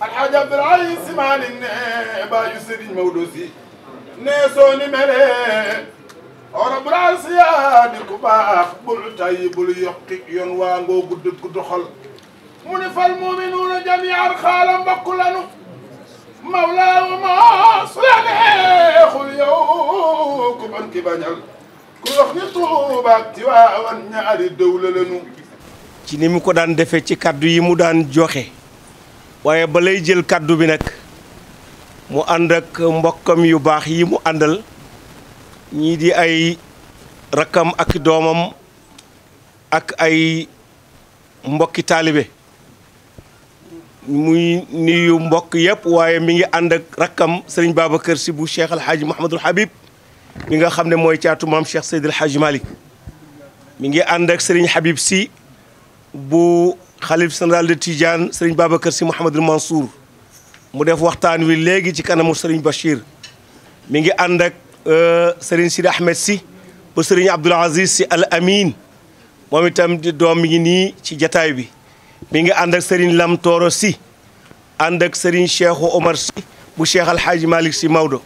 alxaja biraay simaani ne baayu sëriñ Maodo si ne soo ni melee yaa di ku baax bul tayyi bul yokki yoon waa ngoo gudd gudd xol mu ni fal muminuuna jamiian xaala mbokk lanu mawlaawu ma su la neexul yow ku ban bañal ku wax ni tuubaak ci waawan ñaari dëwla ci ni mu ko daan defee ci kàddu yi mu daan joxe waaye ba lay jël kàddu bi nag mu ànd ak mbokkam yu baax yi mu àndal ñii di ay rakkam ak doomam ak ay mbokki taalibe muy nuyu mbokk yépp waaye mi ngi ànd ak rakkam sëriñ Babacar si bu Cheikh Alhaaji Mouhamadul Habib mi nga xam ne mooy caatu maam Cheikh Seydil Hadji malik mi ngi ànd ak sëriñ Habib si bu xalif général de Tidiane sëriñ Babacar Sy Mouhamadul Mansour mu def waxtaan wi léegi ci kanamu sëriñ Bachir mi ngi ànd ak euh, sëriñ Sidi Ahmed Sy ba sëriñ Abdoul Aziz Sy Al Amin moom itam doom mi ngi nii ci jataay bi mi ngi ànd ak sëriñ Lam Tooro Sy ànd ak sëriñ Cheikhou bu Cheikh Al Hadji Malick Sy Maodo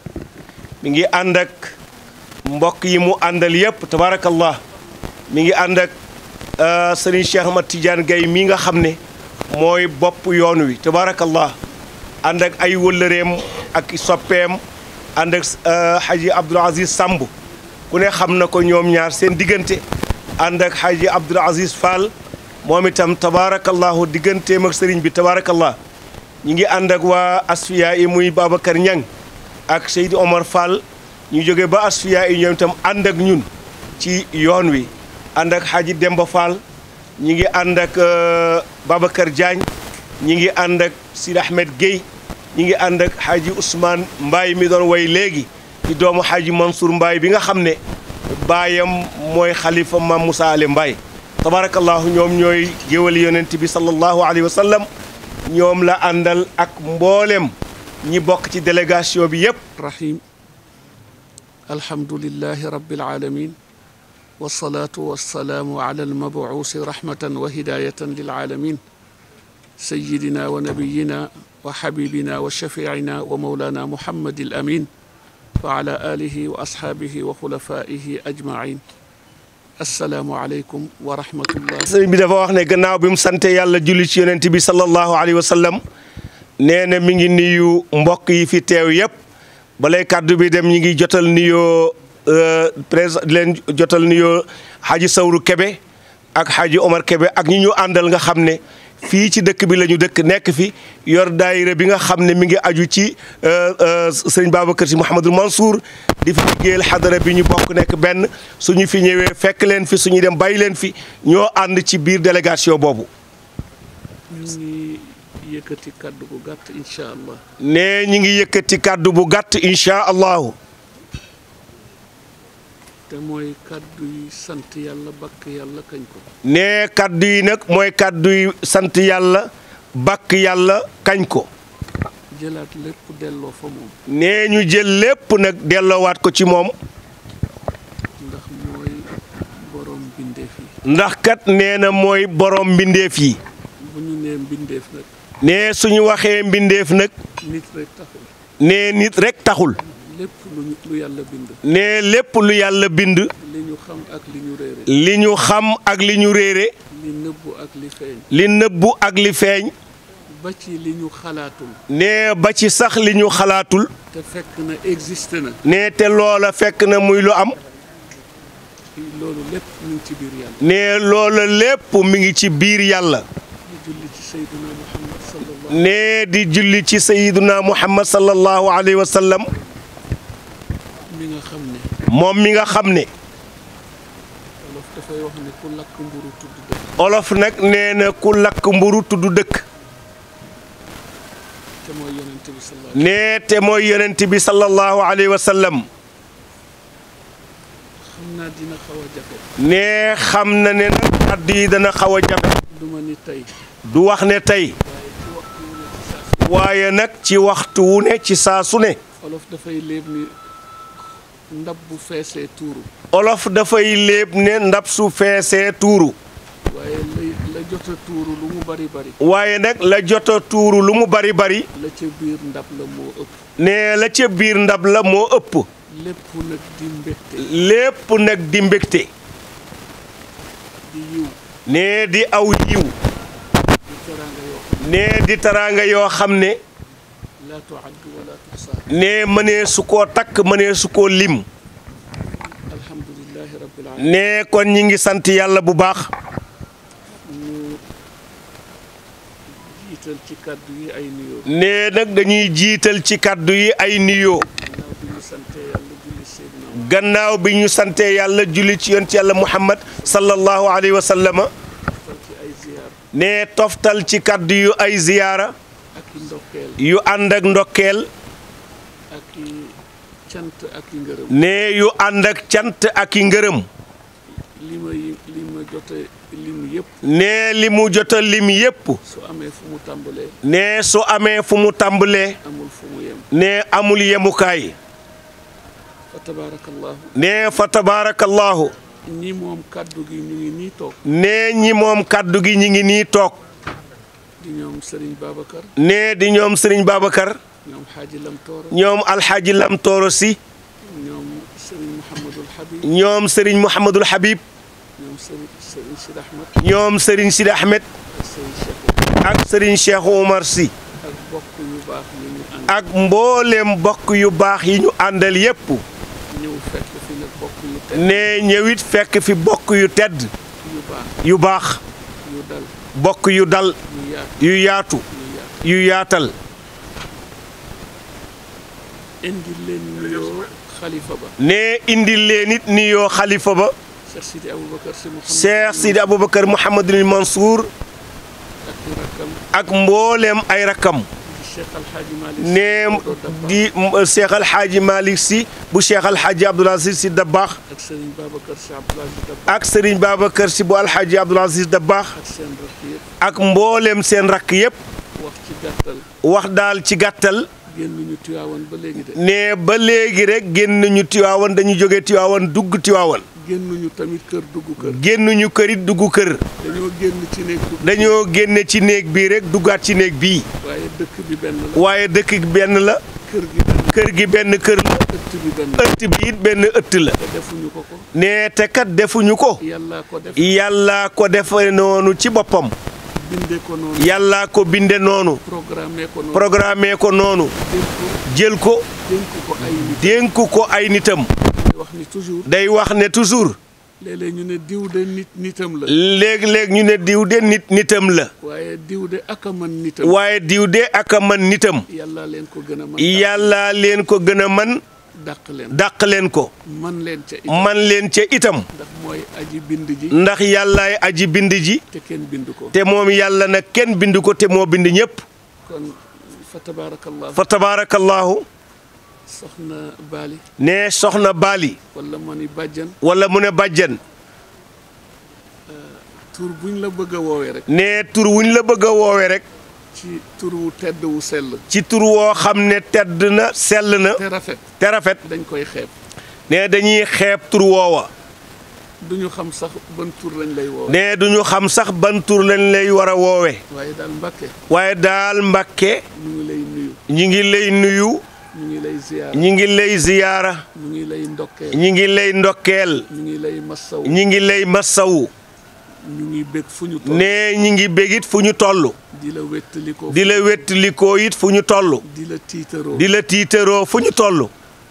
mi ngi ànd ak mbokk yi mu àndal yëpp tabarakallah mi ngi ànd Euh, sëriñ Cheikh ma Tidiane Gaye mii nga xam ne mooy bopp yoon wi tabaarakallah ànd ak ay wëllëreem ak soppeem ànd ak xaji euh, Abdoul Aziz Samb ku ne xam na ko ñoom ñaar seen diggante ànd ak xaji Abdoul Aziz Fall moom itam tabaarakallahu digganteem ak sëriñ bi tabaarakallah ñi ngi ànd ak waa asfiya yi muy Babacar Niang ak Seydou Omar Fall ñu jóge ba asfiya yi ñoom itam ànd ak ñun ci yoon wi and ak Hadji Demba Fall ñi ngi ànd ak euh, Babacar Diagne ñi ngi ànd ak Sidi Ahmed Guèye ñi ngi ànd ak Hadji Ousmane Mbaye mi doon way léegi di doomu Hadji Mansour mbaay bi nga xam ne baayam mooy xalifa ma Moussa Ale Mbaye tabarakallahu ñoom ñooy géwal yonent bi sallallahu alayhi wa ñoom la àndal ak mboolem ñi bokk ci délégation bi yépp rahim alhamdulillahi rabbil alamin wasalaatu wasalaamu ala almabuusi rahmatan wa hidaayatan lilaalamin sayidina wa nabiyina wa xabibina wa shafiicina wa mawlana muhammad al amin wa ala alihi wa asxaabihi wa xulafaihi ajmain asalaamualeykum wa rahmatullah sëriñ bi dafa wax ne gannaaw bi mu sante yàlla julli ci yonent bi sallallahu alayhi wa sallam nee na mi ngi nuyu mbokk yi fi teew yëpp balay kàddu bi dem ñi ngi jotal nuyoo Euh, président di leen jotal nuyoo xaji Sawru Kebe ak xaji Omar Kebe ak ñi ñu àndal nga xam ne fii ci dëkk bi la ñu dëkk nekk fi yor daayira bi nga xam ne mi ngi aju ci euh, euh, sëriñ Babacar si Mouhamadul Mansour di fi liggéeyal xadara bi ñu bokk nekk benn suñu fi ñëwee fekk leen fi suñu dem bàyyi leen fi ñoo ànd ci biir délégation boobu. yëkkati kaddu bu nee ñu ngi yëkkati kaddu bu gàtt incha allahu. te mooy kàddu yi kañ ko. nee kàddu yi nag mooy kàddu yi sant yàlla bakk yàlla kañ ko. jëlaat lépp nee ñu jël lépp nag delloowaat ko ci moom. ndax kat nee na mooy boroom mbindeef yi. bu ñu nee mbindeef nag. waxee mbindeef nag. nit rek nee nit rek taxul. lépp yàlla lépp lu yàlla bind. li ñu xam ak li ñu réere. li ak li nëbbu ak li feeñ. li ba ci nee ba ci sax li ñu xalaatul. te fekk na existé na. nee te loola fekk na muy lu am. loolu lépp mi ngi ci biir yàlla. nee loola lépp mi ngi ci biir yàlla. nee di julli ci sayyiduna Muhammad sallallahu alayhi wa mi moom mi nga xam ne. olof ne nag nee na ku lakk mburu tudd dëkk. te mooy bi sallallahu nee te mooy yonent bi sallallahu alayhi wa a jafe. nee xam na ne nag kàddu yi dana xaw a jafe. du wax ne tey. waaye nag ci waxtu wu ne ci saa ne. ndab bu feesee tuuru. olof dafay léeb ne ndab su feesee tuuru. waaye nag la jot tuuru lu mu bari bari. la ca biir ndab la nee la ca biir ndab la moo ëpp. lépp nag di mbégte. di mbégte. nee di aw yiw. nee di taraanga yoo xam ne. ne mënee su koo takk mënee su koo lim ne kon ñi ngi sant yàlla bu baax ne nag dañuy jiital ci kàddu yi ay nuyoo gannaaw bi ñu santee yàlla julli ci yonent yàlla muhammad sallallahu alayhi wa sallama toftal ci kàddu yu ay ziyaara yu ànd ak ndokkeel cant nee yu ànd ak cant ak i ngërëm. li may lim yëpp. nee li mu jot a lim yëpp. su amee fu mu tàmbalee. nee su amee fu mu tàmbalee. amul nee amul yemukaay. fa nee fa tabaarakallaahu. gi ñu nee ñi moom kaddu gi ñu ngi nii toog. di ñoom Serigne Babacar. nee di ñoom Serigne Babacar. ñoom Alxaaji Lam si. ñoom Serigne Mouhamadul Habib. ak Serigne Cheikh Omar si. ak mbooleem mbokk yu baax yi ñu àndal yépp. bokk yu tedd. nee ñëwit fekk fi bokk yu tedd. yu baax bokk yu dal yu yaatu yu yaatal indil leen nuyoo xalifa ba nee indil leen it nuyoo xalifa ba Cheikh Sidi Aboubacar Mouhamadul Mansour ak mboolem ay rakkam nee di Cheikh Al Hadji Malick bu Cheikh Al Hadji Abdoul Aziz ak Serigne Babacar Sy bu Al Hadji Abdoul Aziz Dabakh ak mbooleem seen rakk yëpp wax daal ci gàttal nee ba léegi rek génn ñu Tiwaawan dañu jóge Tiwaawan dugg Tiwaawan génnuñu tamit kër dugg kër. dañoo génne ci néeg bii rek duggaat ci néeg bii. waaye dëkk bi benn la. kër gi benn kër gi benn la. ëtt bi benn ëtt la. te defuñu ko ko. ko. yàllaa def yàllaa noonu ci boppam. binde ko ko binde noonu. programmé ko noonu jël ko. dénk ko ay nitam. wax toujours. day wax ne toujours. léeg-léeg ñu ne diw de nit nitam la. léeg-léeg ñu ne diw de nit nitam la. waaye diw de ak man mën nitam. waaye diw de ak a nitam. yàllaa leen ko gën a mën. yàllaa leen ko gën a mën. dàq leen dàq leen ko. man leen ca itam man leen ca itam. ndax mooy aji ji. yàllaay aji bind ji. te bind ko. te moom yàlla na kenn bind ko te moo bind ñëpp. fa tabaarakallaahu. soxna Baali. nee soxna Baali. wala mu ne wala mu ne bàjjen. Euh, tur buñ la bëgg woowee rek. nee tur wuñ la bëgg a woowee rek. ci tur wu tedd wu sell. ci tur woo xam ne tedd na sell na. te rafet te rafet. dañ koy xeeb. nee dañuy xeeb tur woowa. du xam sax ban lañ lay woowee. nee du ñu xam sax ban tur lañ lay war a woowee. waaye daal Mbàkke. waaye daal Mbàkke. ngi lay nuyu. ñu ngi lay ziyaara ñu ngi lay ziyaara lay ndokkeel ñu ngi lay ndokkeel ñu ngi lay ngi lay masawu ñu ngi ñu nee ñu ngi bég fu ñu toll di la wettalikoo di la wettalikoo fu ñu toll di la tiitaroo fu ñu toll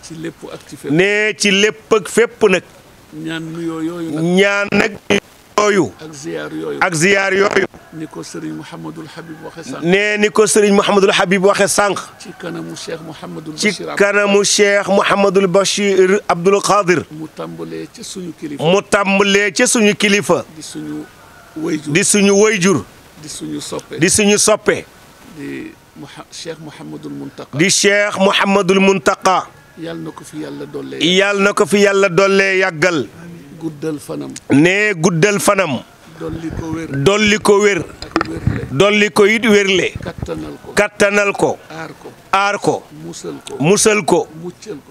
ci lépp ak ci nee ci lépp ak fépp nag ñaan nuyoo yooyu yooyu. ak ziyaar yooyu. ak ziyaar yooyu. ni ko sëriñ Mouhamadul Habib waxe sànq. nee ni ko sëriñ Mouhamadul Habib waxe sànq. ci kanamu cheikh Mouhamadul Bachir. ci kanamu cheikh Mouhamadul Bachir Abdoul Khadir. mu tàmbalee ca suñu kilifa. mu tàmbalee ca suñu kilifa. di suñu wayjur di suñu wayjur. di suñu soppe di suñu soppe. di cheikh Mouhamadul Muntaqa. di cheikh Mouhamadul Muntaqa. yàlla na ko fi yàlla dollee. yàlla na ko fi yàlla dollee yàggal. guddal fanam. nee guddal fanam. dolli ko wér. dolli ko wér. dolli ko kattanal ko kattanal ko. aar ko ko. musal ko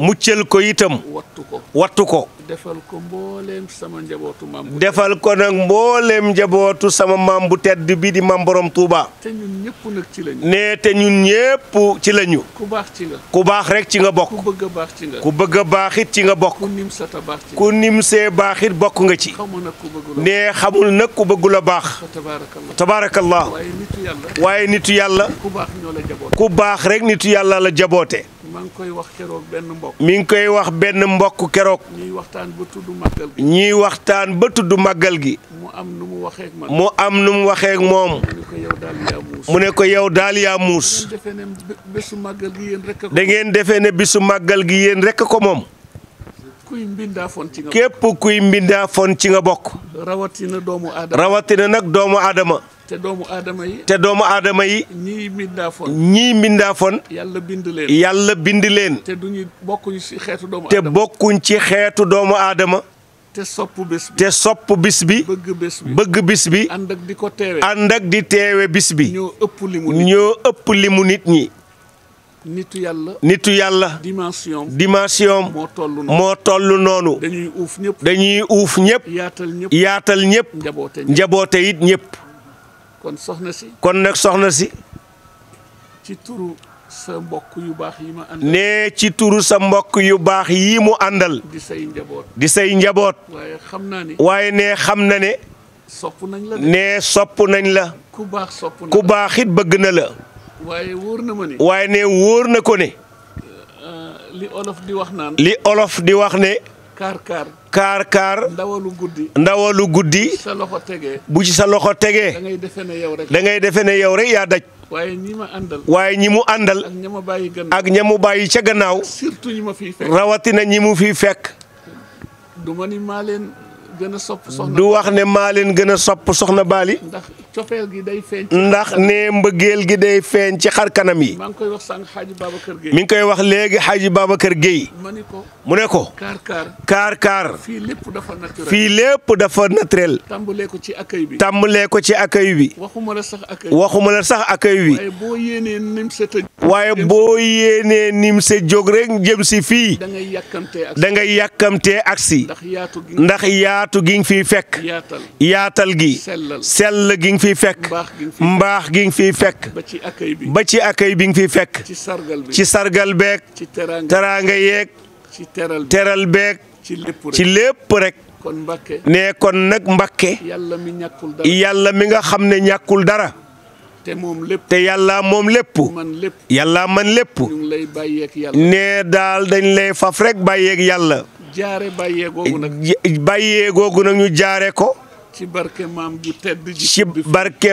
muccal ko itam. wattu wattu ko. defal ko mbooleem sama njabootu maam. defal ko nag mboolem njabootu sama maam bu tedd bi di maam borom Touba. te ñun nee te ñun ñëpp ci lañu. ku baax ci ku baax rek ci nga bokk. ku bëgg a baax ci nga. ku bëgg a baax it ci nga bokk. ku nim sata see baax bokk nga ci. xamul nag nee xamul nag ku bëggul a baax. tabaarakallah waaye nitu yàlla. waaye ku baax rek nit yàlla la jaboote. maa koy wax keroog benn mbokk. ngi koy wax benn mbokk keroog. waxtaan ba ñuy waxtaan ba tudd màggal gi. mu am mu waxee moom. mu ne ko yow daal yaa muus. da ngeen defee ne bésu màggal gi yéen rek a ko moom. kuy mbindaafoon ci képp kuy mbindaafoon ci nga bokk. doomu aadama nag doomu aadama. te doomu aadama yi. te doomu aadama yi. ñii mbindaafon ñii yàlla bind leen yàlla bind leen. te duñu bokkuñ ci xeetu doomu aadama te ci xeetu doomu aadama. te sopp bis bi bi. bëgg bis bi bëgg ànd ak di ko teewe ànd ak di bis bi. ñoo ëpp li mu nit ñi. nitu yàlla. nitu yàlla. dimension dimension. moo toll noonu moo dañuy uuf ñëpp. dañuy uuf ñëpp. yaatal ñëpp yaatal njaboote it ñëpp. kon soxna si. kon nag soxna si. ci sa mbokk yu baax yi ma àndal. nee ci turu sa mbokk yu baax yii mu àndal. di say njaboot. di say njaboot. waaye xam naa ne. waaye nee xam na ne. sopp nañ la nee sopp nañ la. ku baax sopp it bëgg na la. waaye nee wóor na ko ne. Euh, li olof di wax naan. li olof di wax ne. kaar kaar. kaar kaar. ndawalu guddi. ndawalu guddi. bu ci sa loxo tegee. bu ci sa loxo tegee. ngay defe ne yow rek. da ngay defe ne yow rek yaa daj. waaye ñi ma àndal. waaye ñi mu àndal. ak ña ma bàyyi gannaaw ña mu bàyyi ca gannaaw. surtout ñi ma fiy fekk. rawatina ñi mu fiy fekk. du ma leen gën a sopp wax ne maa leen gën a sopp soxna Baali. cofeel gi day feeñ. ndax ne mbëggeel gi day feeñ ci xar kanam yi. maa ngi koy wax sànq xaaji Babacar Gueye. mi ngi koy wax léegi xaaji Babacar Gueye. mu ne ko. kaar kaar. kaar kaar. fii lépp dafa naturel. fii lépp dafa naturel. tàmbalee ko ci accueil bi. tàmbalee ko ci accueil bi. waxuma la sax accueil bi. waxuma la sax accueil bi. waaye boo yéenee nim sa waaye boo yéenee nim sa jóg rek jëm si fii. da ngay yàkkamtee ak si. yàkkamtee ak si. ndax yaatu gi. ndax yaatu gi nga fekk. yaatal yaatal gi. sell gi nga fiy fekk. mbaax gi nga fiy fekk. ci ba ci accueil bi nga fiy fekk. ci sargal beek ci sargal beeg. ci teraanga yeeg. ci teral beeg. ci lépp rek. ne kon nag Mbakke. yàlla mi ñàkkul dara yàlla mi nga xam ne ñàkkul dara. te moom lépp yàlla moom lépp. yàlla man lépp. ne daal dañ lay faf rek bàyyeeg yàlla. jaare googu nag ñu jaare ko. ci maam ju tedd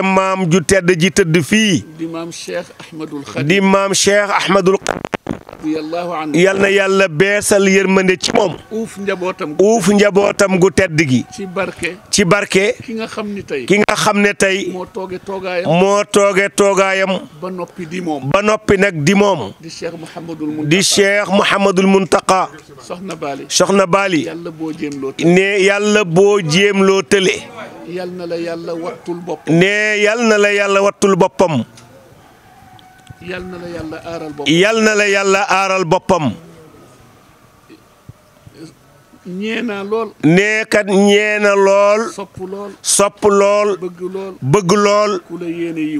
maam ju tedd ji tëdd fii. di maam Cheikh Ahmadul Khadim. di maam Cheikh Ahmadul Khadim. yal na yàlla beesal yërmande ci moom. uuf njabootam uuf njabootam gu tedd gi. ci barke. ki nga xam ne tey. ki nga xam ne tey. moo tooge toogaayam moo tooge toogaayam. ba noppi di moom. ba noppi nag di moom. di cheikh Mouhamadul Mountakha di cheikh Mouhamadul Mountakha. soxna Baali. soxna Baali. yàlla boo jéem loo tële. ne yàlla boo jéem loo tële. yal na la yàlla wattul boppam. ne na la yàlla wattul boppam. yal la yàlla aaral boppam yal na lool. kat ñee na lool. sopp lool. sopp lool. bëgg lool.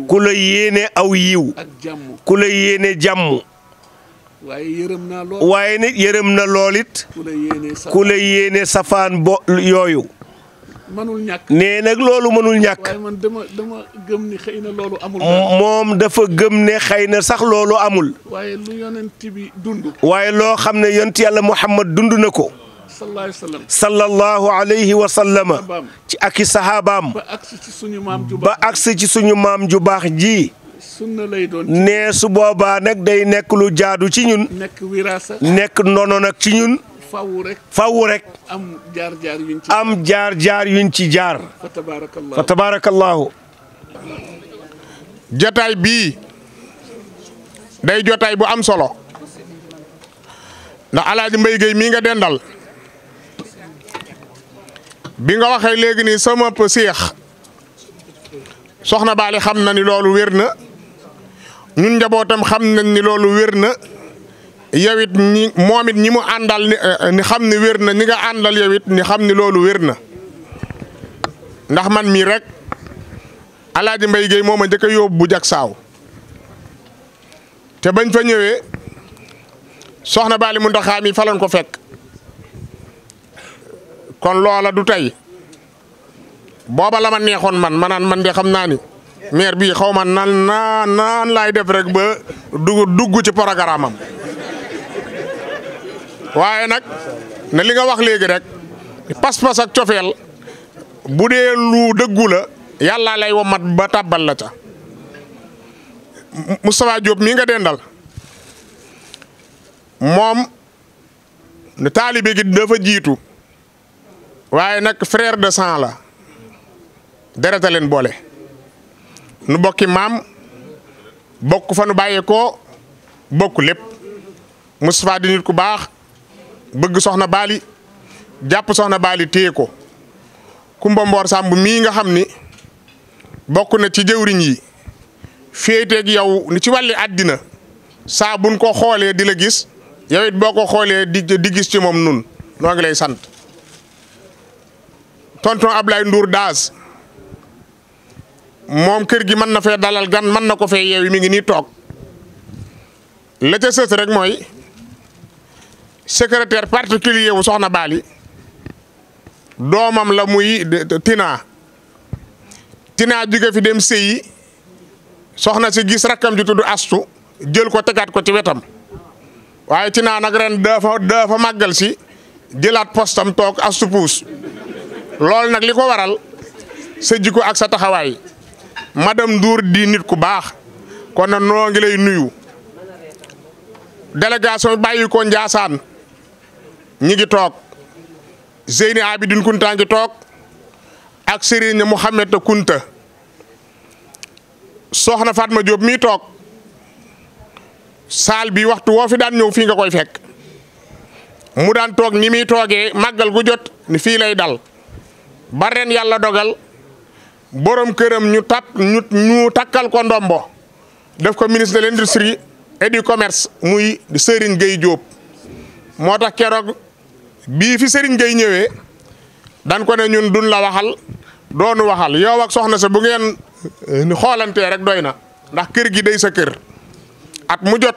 ku la yéene aw yiw. ak jàmm. ku la yéene jàmm. waaye yërëm na lool. waaye ku la yéene safaan yooyu. mënul ñàkk nee nag loolu mënul ñàkk. man dama dama gëm xëy na loolu amul. moom dafa gëm ne xëy na sax loolu amul. waaye lu yonent bi waaye loo xam ne yonent yàlla Muhammad dund na ko. sallallahu alayhi wa sallama ci ak i saxaabaam. ba agsi ci suñu maam ju baax ba agsi suñu maam ju baax ji. sunna lay nee su boobaa nag day nekk lu jaadu ci ñun. nekk wiraasa. nekk ndono nag ci ñun. faawu rek. am jaar jaar yuñ ci. am jaar fa tabaarakallaahu jotaay bii day jotaay bu am solo ndax Alaaji Mbaye Gueye mii nga dendal bi nga waxee léegi nii sama seex soxna Baali xam na ni loolu wér na ñun njabootam xam na ni loolu wér yow it ñi moom it ñi mu àndal ni eh, xam ni wér na ñi nga àndal yow ni xam ni loolu wér na ndax man mii rek alaaji mbay géey moom a njëkk a yóbbu bu jag saaw te bañ fa ñëwee soxna Baali mu ndaxaa mi falan ko fekk kon loola du tey booba la neexoon man manaan man de xam naa ni maire bii xaw ma nan naan laay def rek ba dugg dugg ci programme waaye nag ne li nga wax léegi rek pas-pas ak cofeel bu dee lu dëggu la yàllaa lay womat ba tàbbal la ca Moustapha Diop mii nga dendal moom ne taalibe gi dafa jiitu waaye nag frère de sang la dereta leen boole nu bokki maam bokk fa nu bàyyeekoo bokk lépp Moustapha di ku baax bëgg soxna baali jàpp soxna baali téye ko Kumba Mboor Sàmb mii nga xam ni bokk na ci jëwriñ yi féeteeg yow ni ci wàlli àddina saa buñ ko xoolee di la gis yow boo ko xoolee di di gis ci moom nun noo lay sant tonton Ablaye nduur Daas moom kër gi mën na fee dalal gan mën na ko fee yeewi mi ngi nii toog la rek mooy secrétaire particulier soxna Bali doomam la muy tinaa Tina jóge fi dem sëyi soxna si gis rakkam ji tudd astu jël ko tegaat ko ci wetam waaye Tina nag ren dafa màggal si jëlaat postam toog astu puus loolu nag li ko waral sa jikko ak sa taxawaay ma madame Ndour di nit ku baax kon nag noo ngi lay nuyu délégation bàyyi ko Njaasaan ñi ngi toog Zeyni Abidin Kunta ngi toog ak Serigne Mouhamed Kunta soxna Fatma Diop mii toog saal bi waxtu woo fi daan ñëw fii nga koy fekk mu daan toog ni muy toogee màggal gu jot ni fii lay dal ba ren yàlla dogal boroom këram ñu tap ñu takkal ko ndombo def ko ministre de l'industrie commerce muy Serigne Gueye jóob moo tax keroog. bii fi Serigne Gueye ñëwee dan ko ne ñun duñ la waxal doonu waxal yow ak soxna sa bu ngeen eh, xoolantee rek doy na ndax kër gi day sa kër at mu jot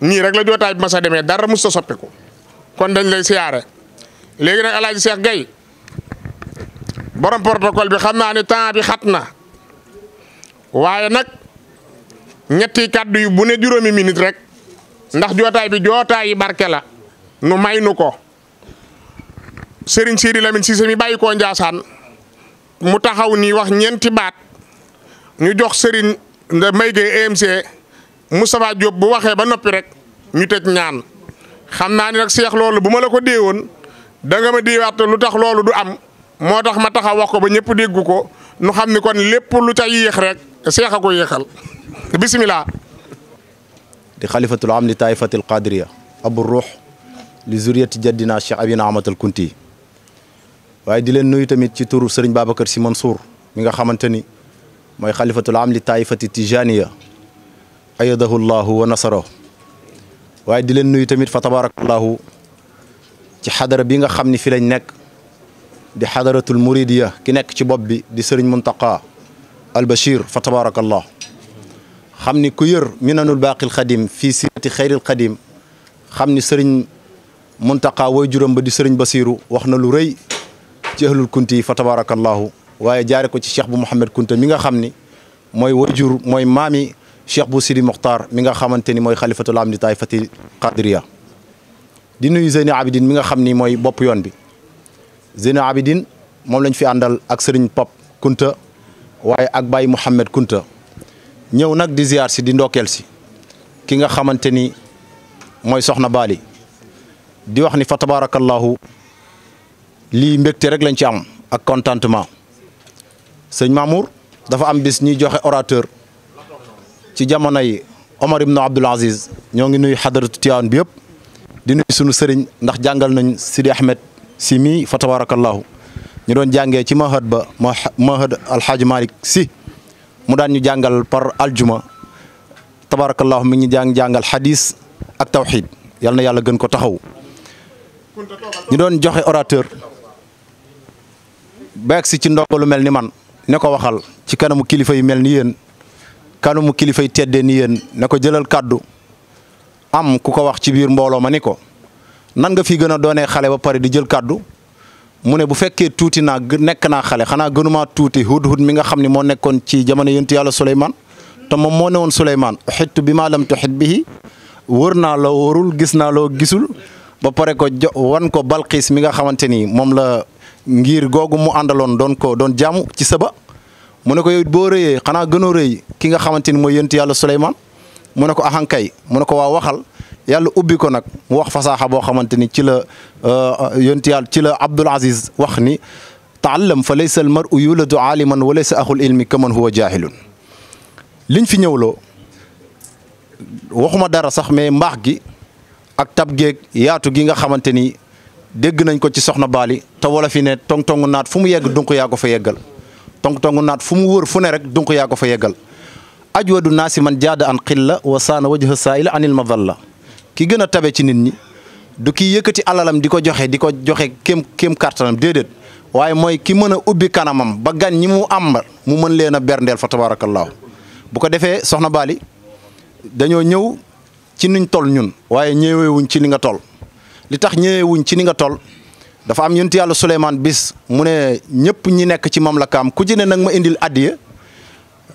nii rek la jootaay bi ma sa demee dara mus sa kon dañ lay siyaare léegi nag El Hadj Cheikh bi xam naa ne temps bi xat na waaye nag ñetti kàddu yu bu ne juróomi minute rek ndax jootaay bi jootaay barke la nu may nu ko. Serigne Sidi Lamine Cissé mi bàyyi koo Njaasaan mu taxaw nii wax ñeenti baat ñu jox Serigne nda may gay EMC Moustapha joob bu waxee ba noppi rek ñu tëj ñaan xam naa ni nag seex loolu bu ma la ko déewoon da nga ma déewaat lu tax loolu du am moo tax ma taxaw wax ko ba ñëpp déggu ko nu xam ni kon lépp lu ca yéex rek seex a ko yéexal bisimilah. di xalifatul am li taifatil qadriya abu ruux li zuriyati jaddina cheikh abina amatal kunti waaye di leen nuyu tamit ci turu sëriñ Babacar Sy Mansour mi nga xamante ni mooy xalifatul am li taifati tijaniya ayadahu llahu wa nasarahu waaye di leen nuyu tamit fa tabarakallahu ci xadara bi nga xam ni fi lañ nekk di xadaratul muridiya ki nekk ci bopp bi di sëriñ Muntaqa al Bachir fa tabarakallah xam ni ku yër minanul baaqil xadim fii sirati xayril xadim xam ni sëriñ Muntaqa way juróom di sëriñ Basiru wax na lu rëy ci ahlul kunti yi fa tabarakallahu waaye jaare ko ci cheikh bu Mouhamed Kunta mi nga xam ni mooy wajur mooy maami cheikh bu Sidi Mokhtar mi nga xamante ni mooy xalifatul am di taay fati qadiriya di nuyu Zeyni Abidin mi nga xam ni mooy bopp yoon bi Zeyni Abidin moom lañ fi àndal ak sëriñ Pap Kunta waaye ak Baye Mouhamed Kunta ñëw nag di ziar si di ndokkeel si ki nga xamante ni mooy soxna Bali di wax ni fa tabarakallahu lii mbégte rek lañ ci am ak contentement sëñ Mamour dafa am bis ñuy joxe orateur ci jamono yi Omar ibn Abdul Aziz ñoo ngi nuy xadaratu Tiwaawan bi yëpp di nuyu sunu sëriñ ndax jàngal nañ Sidi Ahmed si mii fa tabarakallahu ñu doon jàngee ci mahad ba mahad alxaaji Malick si mu daan ñu jàngal par aljuma tabarakallahu mi ngi jàng jàngal xadis ak tawxid yal na yàlla gën ko taxaw ñu doon joxe orateur ba agsi ci ndox lu mel ni man ne ko waxal ci kanamu kilifa yu mel ni yéen kanamu kilifa yu teddee ni yéen ne ko jëlal kàddu am ku ko wax ci biir mbooloo ma ni ko nan nga fi gën a doonee xale ba pare di jël kàddu mu ne bu fekkee tuuti naa nekk naa xale xanaa gënumaa tuuti hudhud mi nga xam ne moo nekkoon ci jamono yonentu yàlla Suleymaan te moom moo newoon Suleymaan xittu bi maa lam tuxit bihi wër naa loo wërul gis naa loo gisul ba pare ko jo wan ko Balqiis mi nga xamante ni moom la ngir googu mu àndaloon doon ko doon jaamu ci saba mu ne ko yow boo rëyee xanaa gënoo rëy ki nga xamante ni mooy yëntu yàlla Suleymaan mu ne ko ahankay mu ne ko waa waxal yàlla ubbi ko nag mu wax fasaaxa boo xamante ni ci la euh, euh, yëntu yàlla ci la Abdul Aziz wax ni taallam fa laysa al mar'u yuladu aaliman wa laysa axul ilmi kaman huwa jaahilun liñ fi ñëwloo waxuma dara sax mais mbaax gi ak tab geeg yaatu gi nga xamante ni dégg nañ ko ci soxna Baali te wala fi ne tong tong naat fu mu yegg dunq yaa ko fa yeggal tong tong naat fu mu wër fu ne rek dunq yaa ko fa yeggal ajwadu naasi man jaada an xilla wa saana wajha saaila anil madalla ki gën a tabe ci nit ñi du ki yëkkati alalam di ko joxe di ko joxe kem kéem kàttanam déedéet waaye mooy ki mën a ubbi kanamam ba gan ñi mu am mu mën leen a berndeel fa tabaarakallaahu bu ko defee soxna Baali dañoo ñëw ci niñ tol ñun waaye ñëwewuñ ci li nga toll li tax ñëwewuñ ci ni nga toll dafa am yonent yàlla Souleymane bis mu ne ñëpp ñi nekk ci mamlakaam ku ci ne nag ma indil addiya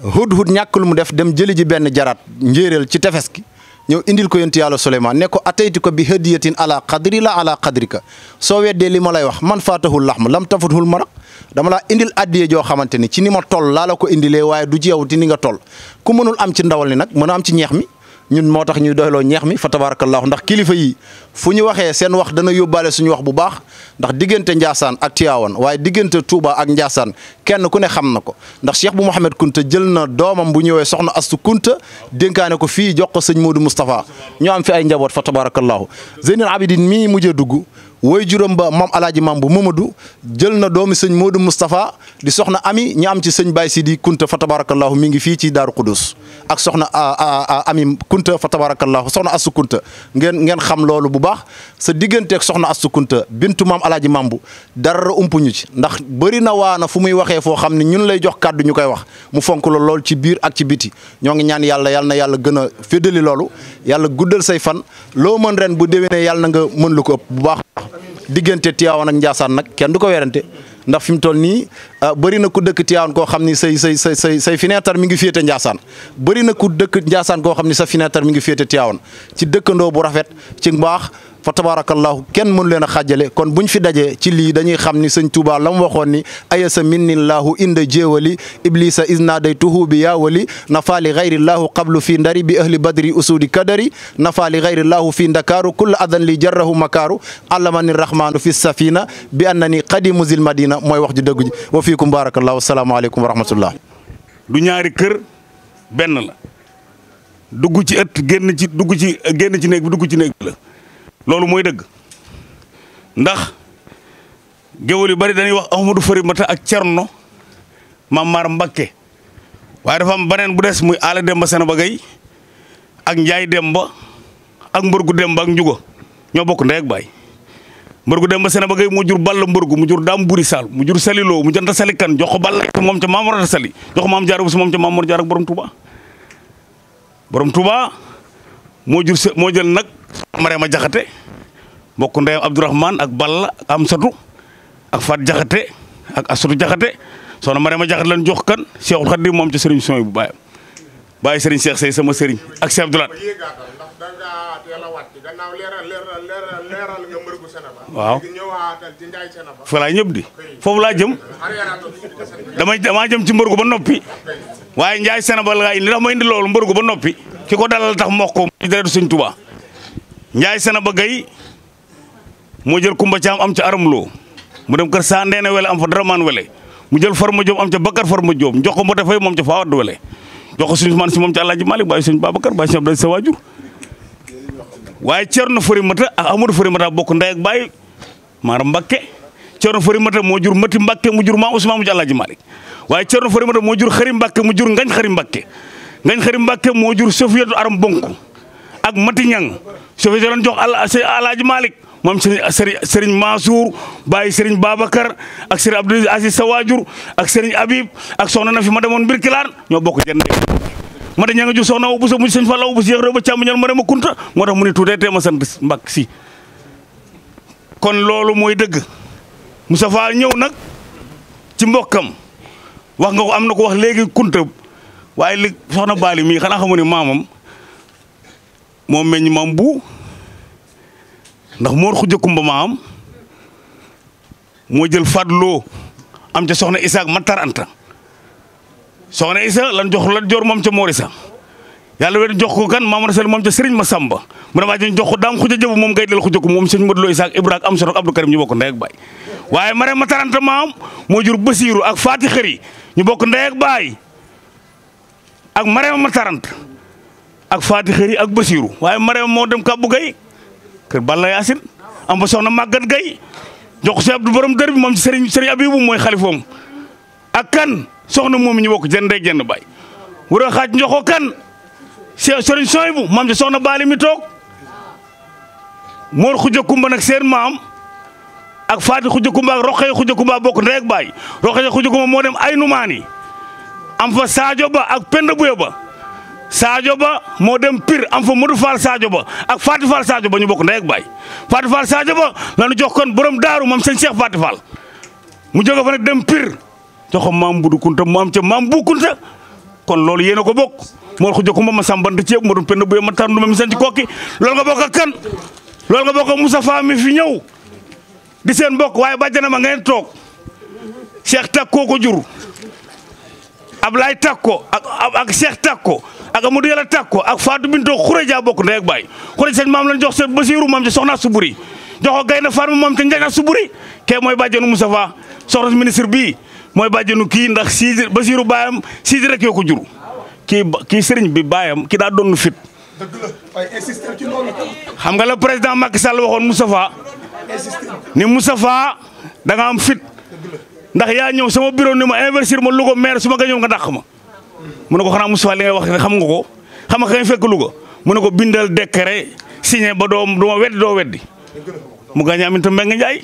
hudhud ñàkk lu mu def dem jëli ji benn jaraat njéeréel ci tefes gi ñëw indil ko yonent yàlla Souleymane ne ko ataytu ko bi hadiyatin ala qadri la ala qadrika soo weddee li ma lay wax man faatahul laxm lam tafathul maraq dama laa indil addiya joo xamante ni ci ni ma toll laa la ko indilee waaye du ci yow ti ni nga toll ku mënul am ci ndawal ni nag mën a am ci ñeex mi ñun moo tax ñuy doyloo ñeex mi fa tabaarakallaahu ndax kilifa yi fu ñu waxee seen wax dana yóbbaale suñu wax bu baax ndax diggante Ndiassane ak Tivaouane waaye diggante Touba ak Ndiassane kenn ku ne xam na ko ndax Cheikh bu Mouhamed Kunta jël na doomam bu ñëwee soxna Astu Kunta dénkaane ko fii jox ko sëñ Modou Moustapha ñu am fi ay njaboot fa tabaarakallaahu Zeynul Abidin mii mujjee dugg woy juróom ba maam alaaji maam bu jël na doomi sëñ Modou Moustapha di soxna ami ñi am ci sëñ Baye Sidi Kunta fa tabarakallahu mi ngi fii ci Daaru Kudus ak soxna ami Kunta fa tabarakallahu soxna ngeen ngeen xam loolu bu baax sa digganteek soxna Assu Kunta bintu maam alaaji maam dara dara umpuñu ci ndax bëri na waana fu muy waxee foo xam ne ñun lay jox kàddu ñu koy wax mu fonk la lool ci biir ak ci biti ñoo ngi ñaan yàlla yàlla na yàlla gën a féddali loolu yàlla guddal say fan loo mën ren bu déwénee yàlla na nga mën lu ko bu baax diggante Tivaouane ak Ndiassane nag kenn du ko weerante ndax fi mu toll nii ah, bëri na ku dëkk Tivaouane koo xam ni say say say say say fenêtre mi ngi féete Ndiassane bëri na ku dëkk Ndiassane koo xam ni sa fenêtre mi ngi féete Tivaouane ci dëkkandoo bu rafet ci mbaax fa tabarakallahu kenn mënu leen a xàjjale kon buñ fi daje ci lii dañuy xam ni sëñ Touba la mu waxoon ni ayasa minnillahu inda jéewali iblisa isna day tuhu bi yaawali nafa li gayrillahu qablu fii ndari bi ahli badri usudi kadari nafa li gayrillahu fii ndakaaru kulla adan li jarrahu makaaru allamani rahmanu fi safina bi annani qadimu zil madina mooy wax ju dëgg ji wa fiikum barakallahu asalaamaaleykum wa rahmatullah du ñaari kër benn la dugg ci ëtt ci dugg dugg ci néeg la loolu mooy dëgg ndax géwél yu bari dañuy wax Ahmadou Fari Mata ak Cerno Mamar Mbakke waaye dafa am beneen bu dees muy Aala Demba Sene ba gay ak Njaay Demba ak Mbërgu Demba ak Njugo ñoo bokk ndey ak baay mbërgu Demba Sene ba gay mu jur Balla Mbërgu mu jur Daam Buri Saal mu jur Saliloo mu jënta Sali Kan jox ko Balla moom ca Maamor Anta Sali jox ko Maam Jaara Buso moom ca Maamor Jaara ak moo jur moo jël nag. Marema Jaxate bokk ndeyam Abdourahmane ak Balla Amsatu ak Fat Jaxate ak Asatu Jaxate soxna Marema Jaxate lan jox kan Cheikhul Khadim moom ci sëriñ sooy bu baayam bàyyi sëriñ Cheikh Sey sama sëriñ ak Cheikh Abdoulaye waaw fa laay ñëpp di foofu laa jëm damay damaa jëm ci mbërgu ba noppi waaye Njaay Sénégal laay li tax ma indi loolu mbërgu ba noppi ki ko dalal tax mokk ci deretu Sëriñ Tuubaa Njaay sana ba gay moo jël Kumba Caam am ca aramloo mu dem kër saa ndeene wele am fa daramaan wele mu jël Farma Diop am ca Bakar Farma Diop jox ko Mbodé Faye moom ca Fawad wele jox ko suñu man si moom ca Alaaji Malick bàyyi suñu Babacar bàyyi suñu Abdoulaye sa waajur waaye Ceerno Farimata bokk ndey ak bàyyi maanaam Mbakke Ceerno Farimata moo jur Mati Mbakke mu jur Maam Ousmane mu jur Alaaji Malick waaye Ceerno Farimata moo jur Xari Mbakke mu jur Ngañ Xari Mbakke Ngañ Xari Mbakke moo jur Sofiyatu Aram Bonk ak Mati Ñang chauffeur yi doon jox alaaji Malick moom Serigne Serigne Mansour bàyyi Serigne Babacar ak Serigne Abdou Aziz sa waajur ak Serigne Habib ak soxna na fi ma demoon Birkilaan ñoo bokk jënd ma da ña ju soxna sa mu sëñ Fall wu bu ma rema kunta moo tax mu ne tuutee tee ma sant mbak si kon loolu mooy dëgg Moustapha ñëw nag ci mbokkam wax nga ko am na ko wax léegi kunta waaye li soxna Bali mii xanaa xamu ne maamam moo meññ maam bu ndax moor xujja kumba ma moo jël fàddloo am ca soxna Isa ak Matar Anta soxna Isa lan jox lan joor moom ca Mor Isa yàlla wet jox ko kan maam rasal moom ca Serigne Massamba mu ne maa jox ko daam xuja jëbu moom gaydel xuja ko moom seen Modou Isa ak Ibrahima am solo ak Abdou Karim ñu bokk ndey baay waaye mare Matar Anta maam moo jur Basiiru ak Faati Xëri ñu bokk ndey ak baay ak mare Matar Anta ak Faati Xëri ak Basiiru waaye Marème moo dem Kàbbu Gay kër Balla Yaasin am ba soxna Màggat Gay jox ko si Abdou borom dër bi moom ci Serigne Serigne Abibu mooy xalifoom ak kan soxna moom ñu bokk jëndee jënd bay war a xaaj njoxo kan Serigne Soyibu maam ci soxna Baali toog Mor Xuja Kumba nag seen maam ak Faati Xuja Kumba Roqee Xuja Kumba bokk ndey baay Roqee Xuja Kumba moo dem ay numaani am fa Sadio Ba ak Penda Buya Ba. Sadio Ba moo dem Pire am fa Modou Fall Sadio Ba ak Fatou Fall Sadio Ba ñu bokk ndey ak baay Fatou Fall Sadio Ba la ñu jox kon borom daaru moom sëñ Cheikh Fatou Fall mu jóge fa nag dem Pire jox ko maam Budou Kunta mu ca maam Bu Kunta kon loolu yéen ko bokk. moo ko jokkoo ma ma sàmbant ceeb ma doon penn bu ma tànn ma mi seen ci kokki loolu nga bokk ak kan loolu nga bokk ak Moussa Fall mi fi ñëw di seen bokk waaye bàjjana ma ngeen toog Cheikh tak koo ko jur Ablaye Takko ak ak Cheikh Takko ak Amadou Yàlla Takko ak Fatou Bintou a bokk ndey ak baay Khourédia seen maam lañ jox seen Basiiru maam ci soxna Suburi jox ko Gaynde Fatma maam ci Njaga Suburi kee mooy bàjjenu Moustapha soxna ministre bi mooy bàjjenu kii ndax Sidi Basiiru baayam Sidi rek yoo ko jur ki kii sëriñ bi baayam ki daa doon fit xam nga la président Macky Sall waxoon Moustapha ni Moustapha da am fit ndax yaa ñëw sama biroon ni ma investir ma Louga maire su ma gañoon nga dàq ma mu na ko xanaa Moustapha li ngay wax ne xam nga ko xam nga kañ fekk Louga mu ne ko bindal décret signé ba doo du ma weddi doo weddi mu gaañ Aminata Mbengue Ndiaye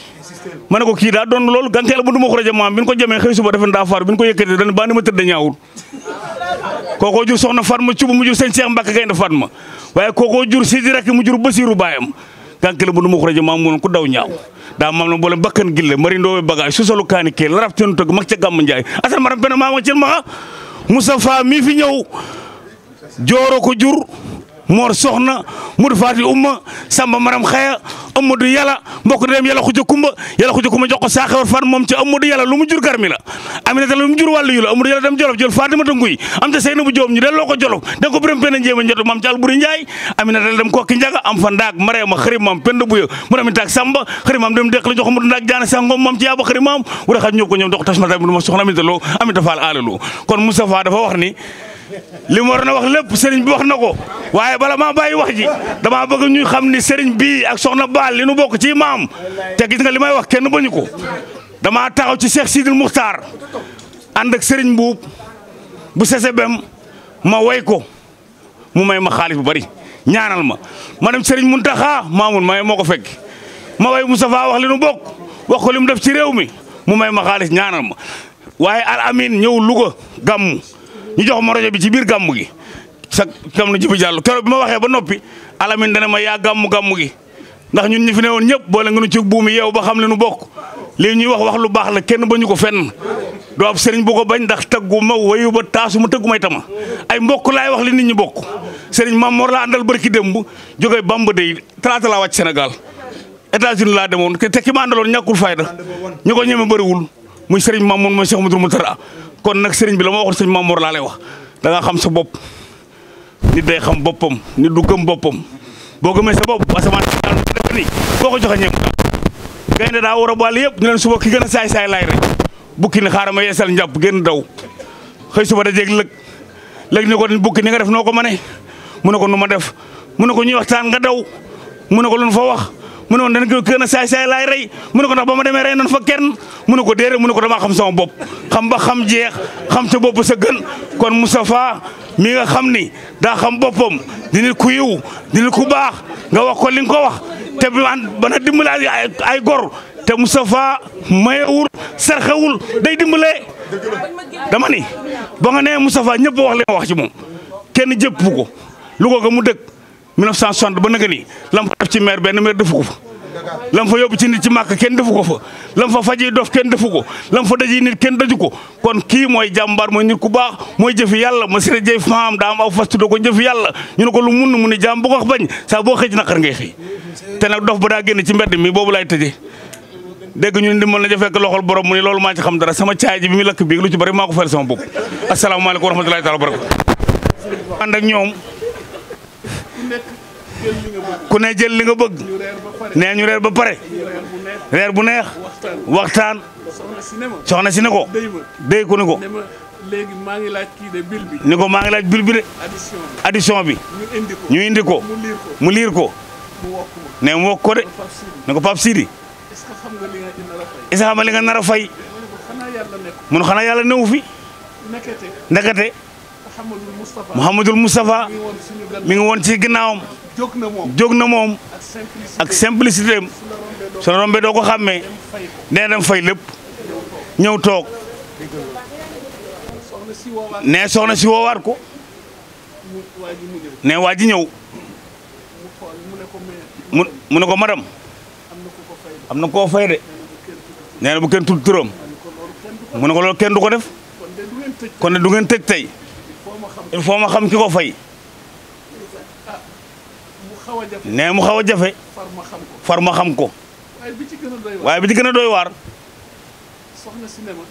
ma na ko kii daa doon lool gànkeel bu du ma ko rajo maam bi ñu ko jamee xëy suba defe daa faar bi ñu ko yëkkatee dañ baa ni ma tëdd ñaawul kookoo jur soxna Fatma Cuub mu jur sëñ Cheikh Mbacke Gaynde Fatma waaye kookoo jur Sidi Rakk mu jur Basiru baayam kankile bu numu xuraje mam mun ko daw ñaaw da mam la boole bakkan gille mari ndowe bagage susolu kaani ke laraf ten tog mak ca gàmm njaay asan maram pena mama cel maxa Moussa Fa mi fi ñëw jooro ko jur Mor Soxna Modou Faati Umma Samba Maram Xaya Amadou Yàlla mbokk dem Yàlla xuja kumba Yàlla xuja kumba jox ko saaxewar fan moom ci Amadou mu jur garmi lu mu jur wàllu jël Fatima Nguy am ta Seynabu Joom ñu delloo ko Jolof da ko bërëm penn njéema njotu maam ci Alburi Njaay Aminata dem Kokki Njaga am fa ndaak Marema xarit maam Pend Buya mu dami taak Samba xarit maam dem dekk la jox Amadou ndaak jaana sangom maam ci yaaba xarit maam wara xat ñëw ko ñoom dox tasmata bi ma soxna Aminata loo Aminata Faal aalalu kon Moustapha dafa wax ni li war na wax lépp sëriñ bi wax na ko waaye bala maa bàyyi wax ji damaa bëgg ñuy xam ni sëriñ bii ak soxna Baal li nu bokk ci maam te gis nga li may wax kenn bañu ko damaa taxaw ci Cheikh Sidil Muxtaar ànd ak sëriñ mbuub bu sesebem ma way ko mu may ma xaalis bu bari ñaanal ma ma dem sëriñ Muntaxa maamun may moo ko fekk ma way Moustapha wax li nu bokk wax ko li mu def ci réew mi mu may ma xaalis ñaanal ma waaye al amin ñëw Louga gàmmu ñu jox ma rajo bi ci biir gàmm gi sa kam na jibi jàll keroog bi ma waxee ba noppi alamin dana ma yaa gàmm gàmm gi ndax ñun ñi fi ne woon ñëpp boole nga nu ci buumi yeew ba xam le nu bokk lii ñuy wax wax lu baax la kenn ñu ko fenn doo ab sëriñ bu ko bañ ndax tëggu ma wayu ba taasu ma tëggu may tama ay mbokk laay wax li nit ñi bokk sëriñ Maam Mor laa àndal bërki démb jógee Bamba day talaata laa wàcc Sénégal États-Unis laa demoon te ki ma àndaloon ñàkkul fayda ñu ko ñeme bëriwul muy sëriñ Maam Mor mooy Cheikh Madou Moutara kon nag sëriñ bi la ma waxoon sëñ Mamour laa wax da xam sa bopp nit day xam boppam nit du gëm boppam boo gëmee sa bopp asamaan daal def ni boo ko joxe ñëpp gaynde daa war a boole yëpp ñu leen suba ki gën a saay saay laay rek bukki ni xaaral ma yeesal njàpp génn daw xëy suba dajeeg lëg lëg ni ko bukki ni nga def noo ko ma ne mu ne ko nu ma def mu ne ko ñuy waxtaan nga daw mu ne ko lu nu fa wax mu ne woon dañ ko gën a saay saay laay rey mu ne ko ndax ba ma demee rey nañ fa kenn mun ne ko déere mu ne ko damaa xam sama bopp xam ba xam jeex xam te bopp sa gën kon Moustapha mi nga xam ni daa xam boppam di nit ku yiw di nit ku baax nga wax ko li nga ko wax te bana dimbale ay ay gor te Moustapha mayewul sarxewul day dimbale dama ni ba nga nee Moustapha ñëpp wax li nga wax ci moom kenn jëpp ko lu ko mu dëkk 1960 ba nag nii lam fa def ci maire benn maire defu ko fa. lam fa yóbbu ci nit ci màkk kenn defu ko fa lam fa faji dof kenn defu ko lam fa daji nit kenn daju ko kon kii mooy jàmbaar mooy nit ku baax mooy jëfi yàlla ma sira jëf maam daa am aw ko jëf yàlla ñu ne ko lu mun na mu ni jaam bu ko wax bañ saa boo xëj naqar ngay xëy te nag dof ba daa génn ci mbedd mi boobu lay tëjee dégg ñu ne ndimbal na ja fekk loxol borom mu ni loolu maa ci xam dara sama caay ji bi muy lakk bii lu ci bari maa ko ku ne jël li nga bëgg ne ñu reer ba pare reer bu neex waxtaan soxna si ne ko déy ko ni ko maa ngi laaj kii de ni ko maa ngi laaj bil bi de addition bi ñu indi ko mu liir ko ne mu wokk ko de ne ko Pape Sidi est nga li a fay mun xanaa yàlla newu fi ndekete Mouhamadul Moustapha mi ngi woon ci ginnaawam jóg na moom jóg na moom ak simplicité am su la rombee doo ko xàmmee nee dem fay lépp ñëw toog nee soxna si woowaat ko nee waa ji ñëw mu mu ne ko madam am na koo fay de nee na bu kenn tudd mu ne ko loolu kenn du ko def kon ne du ngeen tëj tey il faut xam ki ko fay. nee mu xaw a jafe far ma xam ko waaye bi ci gën a doy waar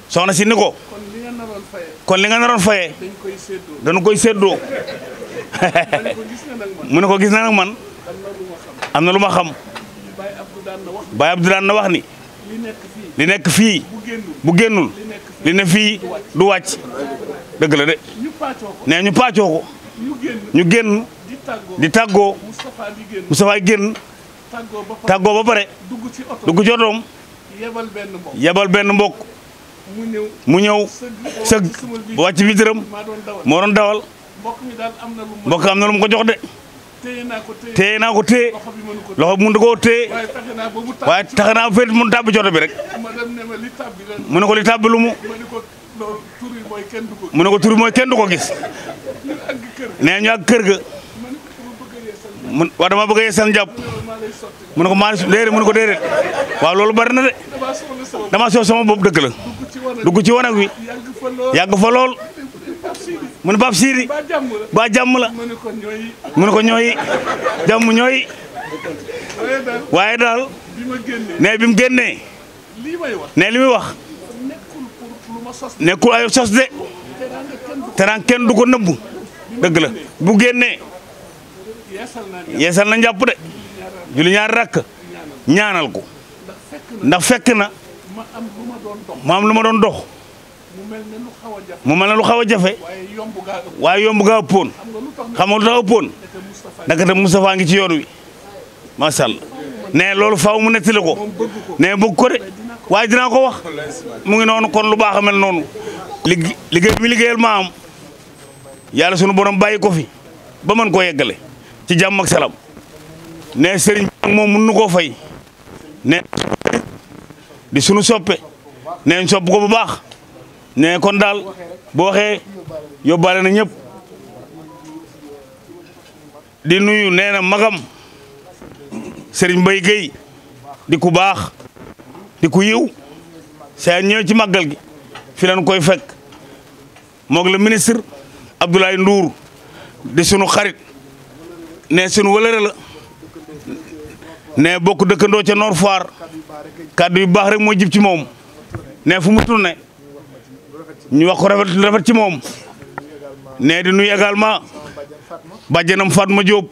soxna si ni ko kon li nga naroon fayee danu koy séddoo mu ne ko gis na nag man am na lu ma xam Baye Abdou daan na wax ni li nekk fii bu génnul li ne fii du wàcc dëgg la de nee ñu paacoo ko ñu génn di tàggoo Moustapha génn tàggoo ba pare dugg ci otoom yebal benn mbokk mu ñëw sëgg wàcc witiram moo doon dawal mbokk am na lu mu ko jox de téye naa ko téye loxo bi mënut koo téye waaye tax naa féet mun tàbbi coto bi rek mu ne ko li tàbbi lu mu mu ne ko turi mooy kenn du ko gis nee ñu ak kër ga mun waaw dama bëgg a yeesal njàpp mu ne ko maa déedéet mu ne waaw loolu bari na de dama soof bopp dëgg la dugg ci wanag wi yàgg fa lool mu ne Pape ba jàmm la mu ne ko ñooy ñooy waaye daal ne bi mu génnee ne li muy wax nekkul ay sos de teraan kenn du ko bu génnee yeesal na njàpp de julli ñaari rakk ñaanal ko ndax fekk na mu am lu ma doon dox mu mel na lu xaw a jafe waaye yomb gaa ëppoon xam nga lu tax ëppoon naka tam Moustapha ngi ci yoon wi macha allah ne loolu faaw mu nettali ko ne bëgg ko de waaye dinaa ko wax mu ngi noonu kon lu baax a mel noonu. liggéey bi mi liggéeyal maam yàlla sunu borom bàyyi ko fi ba mën koo yeggale. ci jàmm ak salaam ne sëriñ bi moom mun koo fay ne di sunu soppe neen sopp ko bu baax ne kon daal boo waxee yóbbaale na ñëpp di nuyu nee na magam sëriñ Mbaye Guèye di ku baax di ku yiw saa ñëw ci màggal gi fi koy fekk moog la ministre Abdoulaye Ndour di sunu xarit ne suñu wëlëre la bokk dëkkandoo ca Nord Foire kàddu yu baax rek moo jib ci moom ne fu mu tourné ñu wax ko ci moom ne di nuyu également bàjjenam Fatma Diop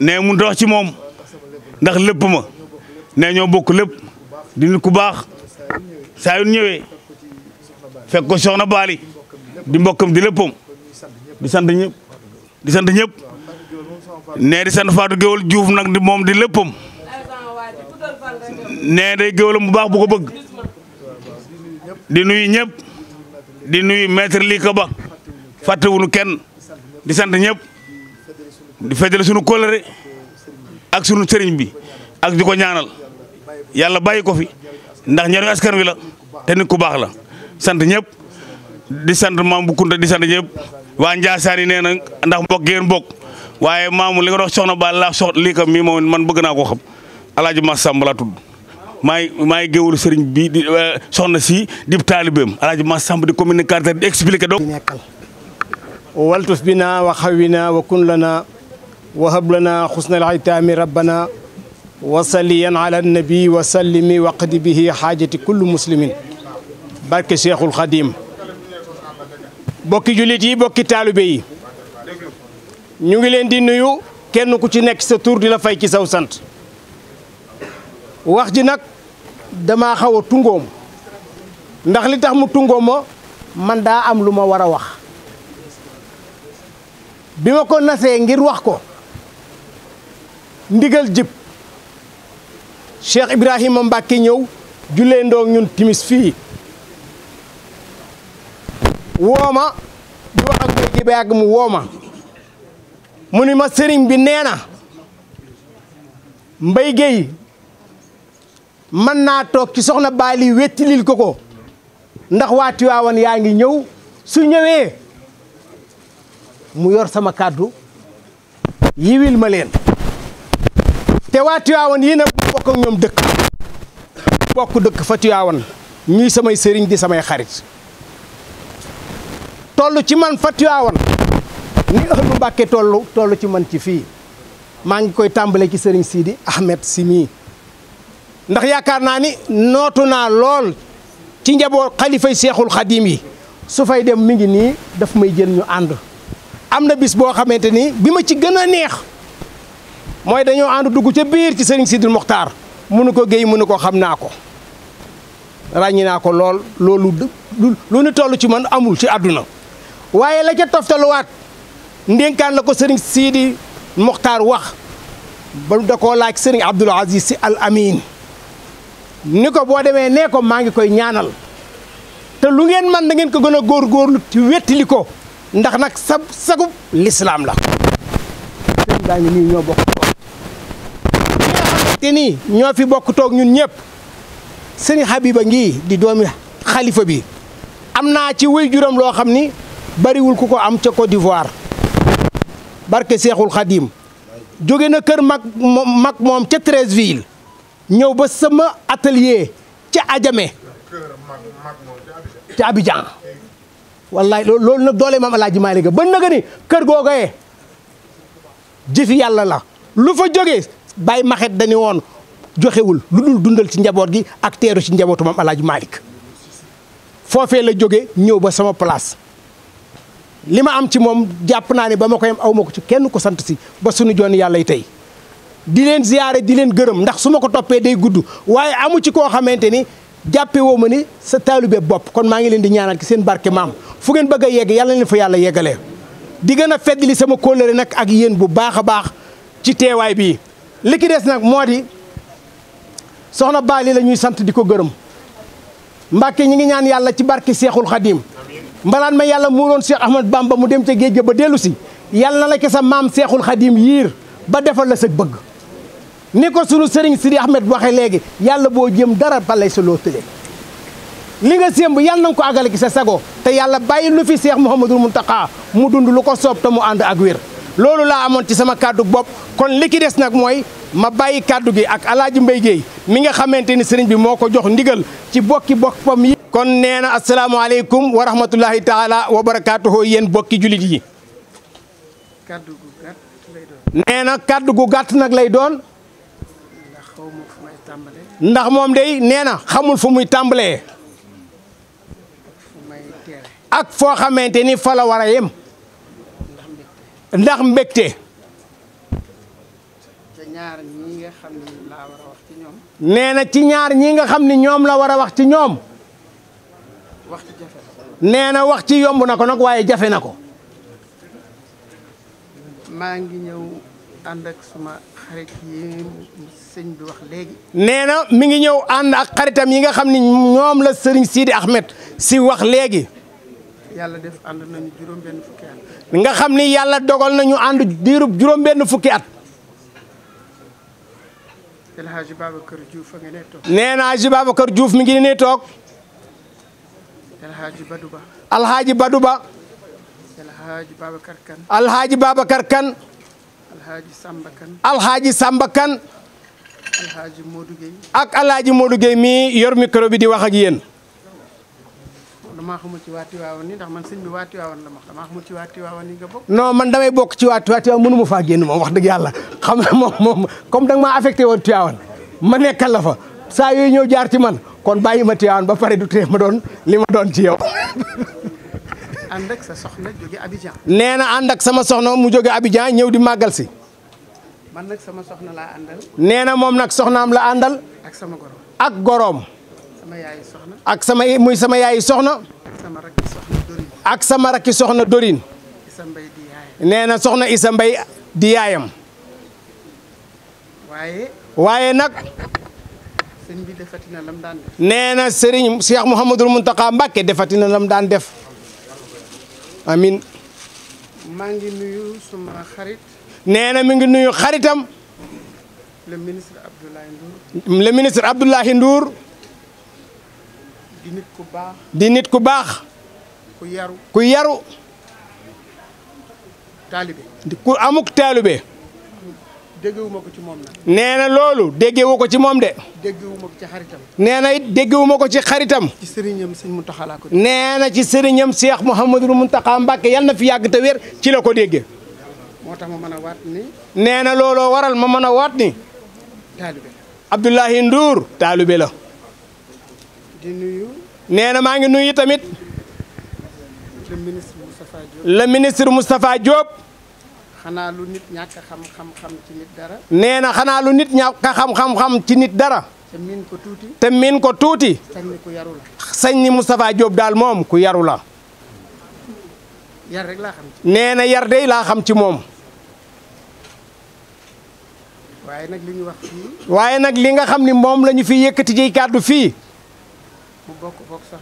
ne mënut a wax ci moom ndax lépp ma ne ñoo bokk lépp di nit baax saa yu ñëwee fekk soxna Baali di mbokkam di léppam di sant ñëpp. di sant ñëpp nee di sant Fatou Géwal Diouf nag moom di léppam nee day géwalam bu baax bu ko bëgg di nuyu ñëpp di nuyu maître lii ko ba fàttewuñu kenn di sant ñëpp di feddale sunu kóllëre ak sunu sëriñ bi ak di ko ñaanal yàlla bàyyi ko fi ndax njëriñu askan wi la te nit ku baax la sant ñëpp di sant maam bu kunta di sant ñëpp waa Ndiassane yi nee na ndax mbokk mbokk waaye maamu li nga dox soxna Ba laa sox lii ko mii moom man bëgg naa ko xam El Hadj Massamba tudd maay maay géwul sëriñ bi di euh, soxna si di taalibeem El Hadj Massamba di communicateur di expliqué donc. waltus bina wa xawina wa kun lana wa hab lana xusnal xitaami rabbana wa salliyan ala nabi wa sallimi waqdi bihi xaajati kulli muslimin barke Cheikhul Xadim bokki jullit yi bokki taalibe yi ñu ngi leen di nuyu kenn ku ci nekk sa tur di la fay ci saw sant wax ji nag dama xaw a tungoom ndax li tax mu tungoom ma man daa am lu ma war a wax bi ma ko nasee ngir wax ko ndigal jib Cheikh Ibrahima Mbacke ñëw jullee ndoog ñun timis fii woo ma di wax gi ba yàgg mu woo ma mu ni ma sëriñ bi nee na mbay géey mën naa toog ci soxna baali wettilil ko ko ndax waa Tiwaawan yaa ngi ñëw su ñëwee mu yor sama kàddu yiwil ma leen te waa Tiwaawan yii nag bu bokk ñoom dëkk bokk dëkk fa Tiwaawan ñuy samay sëriñ di samay xarit toll ci man fa Tiwaawan ni ëllu Mbàkke toll toll ci man ci fii maa ngi koy tàmbale ci sëriñ Sidi Ahmed si mii ndax yaakaar naa ni nootu naa lool ci njaboot xalifay seexul xadim yi su fay dem mi ngi nii dafa may jël ñu ànd am na bis boo xamante ni bi ma ci gën a neex mooy dañoo ànd dugg ca biir ci sëriñ Sidil Mokhtar mënu ko géey mënu ko xam naa ko ràññi naa ko lool loolu lu lu ñu ci man amul ci àdduna waaye la ca toftaluwaat ndénkaan la ko sëriñ Sidi Mokhtar wax ba da koo laaj sëriñ Abdoul Aziz Sy Al ni ko boo demee nee ko maa ngi koy ñaanal te lu ngeen man na ngeen ko gën a góorgóorlu ci wettili ko ndax nag sab sagub lislaam la sëriñ baa nii ñoo bokk toog fi bokk toog ñun ñëpp sëriñ Habiba ngi di doomi xalifa bi am naa ci wéy juram loo xam ni bariwul ku ko am ca Côte d'Ivoire barke Seexul Xadim jóge na kër mag mag moom ca Treichville ñëw ba sama atelier ca ajame ca Abidjan wallaay loolu nag doole maam laaj Maalik ba naga ni kër googayee jëfi yàlla la lu fa jóge bàyyi maxet dañu woon joxewul lu dul dundal ci njaboot gi ak teeru ci njabootu maam Alaaji Maalik foofee la jóge ñëw ba sama place li ma am ci moom jàpp naa ne ba ma koy am aw ko ci kenn ko sant si ba suñu joon yàlla yi tey di leen ziyaare di leen gërëm ndax su ma ko toppee day gudd waaye amu ci koo xamante ni jàppe woo ma ni sa taalube bopp kon maa ngi leen di ñaanal ci seen barke maam fu ngeen bëgg a yegg yàlla leen fa yàlla yeggalee di gën a li sama kóllëre nag ak yéen bu baax a baax ci teewaay bii li ki des nag moo di soxna Baali lañuy sant di ko gërëm Mbàkke ñi ngi ñaan yàlla ci barke Seexul Xadiim mbalaan ma yàlla moo doon Cheikh Ahmad ba mu dem ca géej ga ba dellu si yàlla na la ke sa maam Seexul Xadim yiir ba defal la sa bëgg ni ko sunu sëriñ Sidi Ahmed waxee léegi yàlla boo jëm dara balay sa loo tële li nga sémb yàlla na ko àggale ki sa sago te yàlla bàyyi lu fi Cheikh Mouhamadul Mountakha mu dund lu ko soob te mu ànd ak wér loolu laa amoon ci sama kàddu bopp kon li ki des nag mooy ma bàyyi kàddu gi ak alaaji Mbay Géey mi nga xamante ni sëriñ bi moo ko jox ndigal ci bokki bokk boppam yi kon nee na asalaamaaleykum wa rahmatullahi taala wa barakaatuhu yéen bokki julit yi nee na kàddu gu gàtt nag lay doon ndax moom day nee na xamul fu muy tàmbalee ak foo xamante ni fala la war a yem ndax mbégte. nee na ci ñaar ñii nga xam ni ñoom la war a wax ci ñoom. nee na wax ci yomb na ko nag waaye jafe na ko. maa ngi ñëw ànd nee na mi ngi ñëw ànd ak xaritam yi nga xam ni ñoom la sëriñ Sidi Ahmed si wax léegi. yàlla def ànd nañu juróom benn nga xam ni yàlla dogal nañu ànd diirub juróom benn fukki at. El Hadj Babacar kër juuf mi ngi nee toog. El Hadj Badouba. El Hadj Badouba. El Hadj Babacar Kan. El Hadj Kan. ak El Hadj Modou Gueye mii yor micro bi di wax ak yéen. damaa xamul ci waa ni ndax man sëñ waa Tiwaawan la ma damaa xamul ci waa Tiwaawan ni nga bokk. non man damay bokk ci waa Tiwaawan mënu ma faa génn moom wax dëgg na moom moom comme danga maa affecté woon Tiwaawan ma nekkal la fa saa yooyu ñëw jaar ci man kon bàyyi ma Tiwaawan ba pare du tee ma doon li ma doon ci yow. ànd sa soxna jóge Abidjan. nee na ànd ak sama soxna mu jóge Abidjan ñëw di màggal si. man nag sama soxna laa àndal. nee na moom nag soxnaam la àndal. ak sama gorom ak sama muy sama yaayi soxna. ak sama rakki soxna Dorine. nee na soxna sa Mbay di yaayam. waaye. waaye nag. nee na Serigne Cheikh Mouhamadul Mountakha Mbacke defati na lam daan def. amin maa ngi nuyu mi ngi nuyu xaritam. le ministre Abdoulaye Ndour. di nit ku baax. nit ku baax. ku yaru ku yaru. taalibe ku amuk taalibe. déggewu ma ko ci moom nee loolu déggewu ko ci moom de. déggewu ma ko nee na it déggewu ko ci xaritam. ci sëriñam sëñ Mountakha laa nee na ci sëriñam Cheikh Mouhamadou Mountakha Mbacké yan na fi yàgg te wér ci la ko déggee. moo tax ma mën nee na looloo waral ma mën a waat ni. taalibe Abdoulaye taalibe la. nee na maa ngi nuyu tamit le ministre Moustapha Diop. neena lu nit ñàkk ci nit dara. nee xanaa lu nit ñàkk xam-xam-xam ci nit dara. te miin ko tuuti. sañ yaru la. sañ ni Moustapha Diop daal moom ku yaru la. yar rek laa xam ci. yar dey laa xam ci moom. waaye nag li ñu nag li nga xam ni moom lañu fi yëkkati jëy kàddu fii. mu bokk ko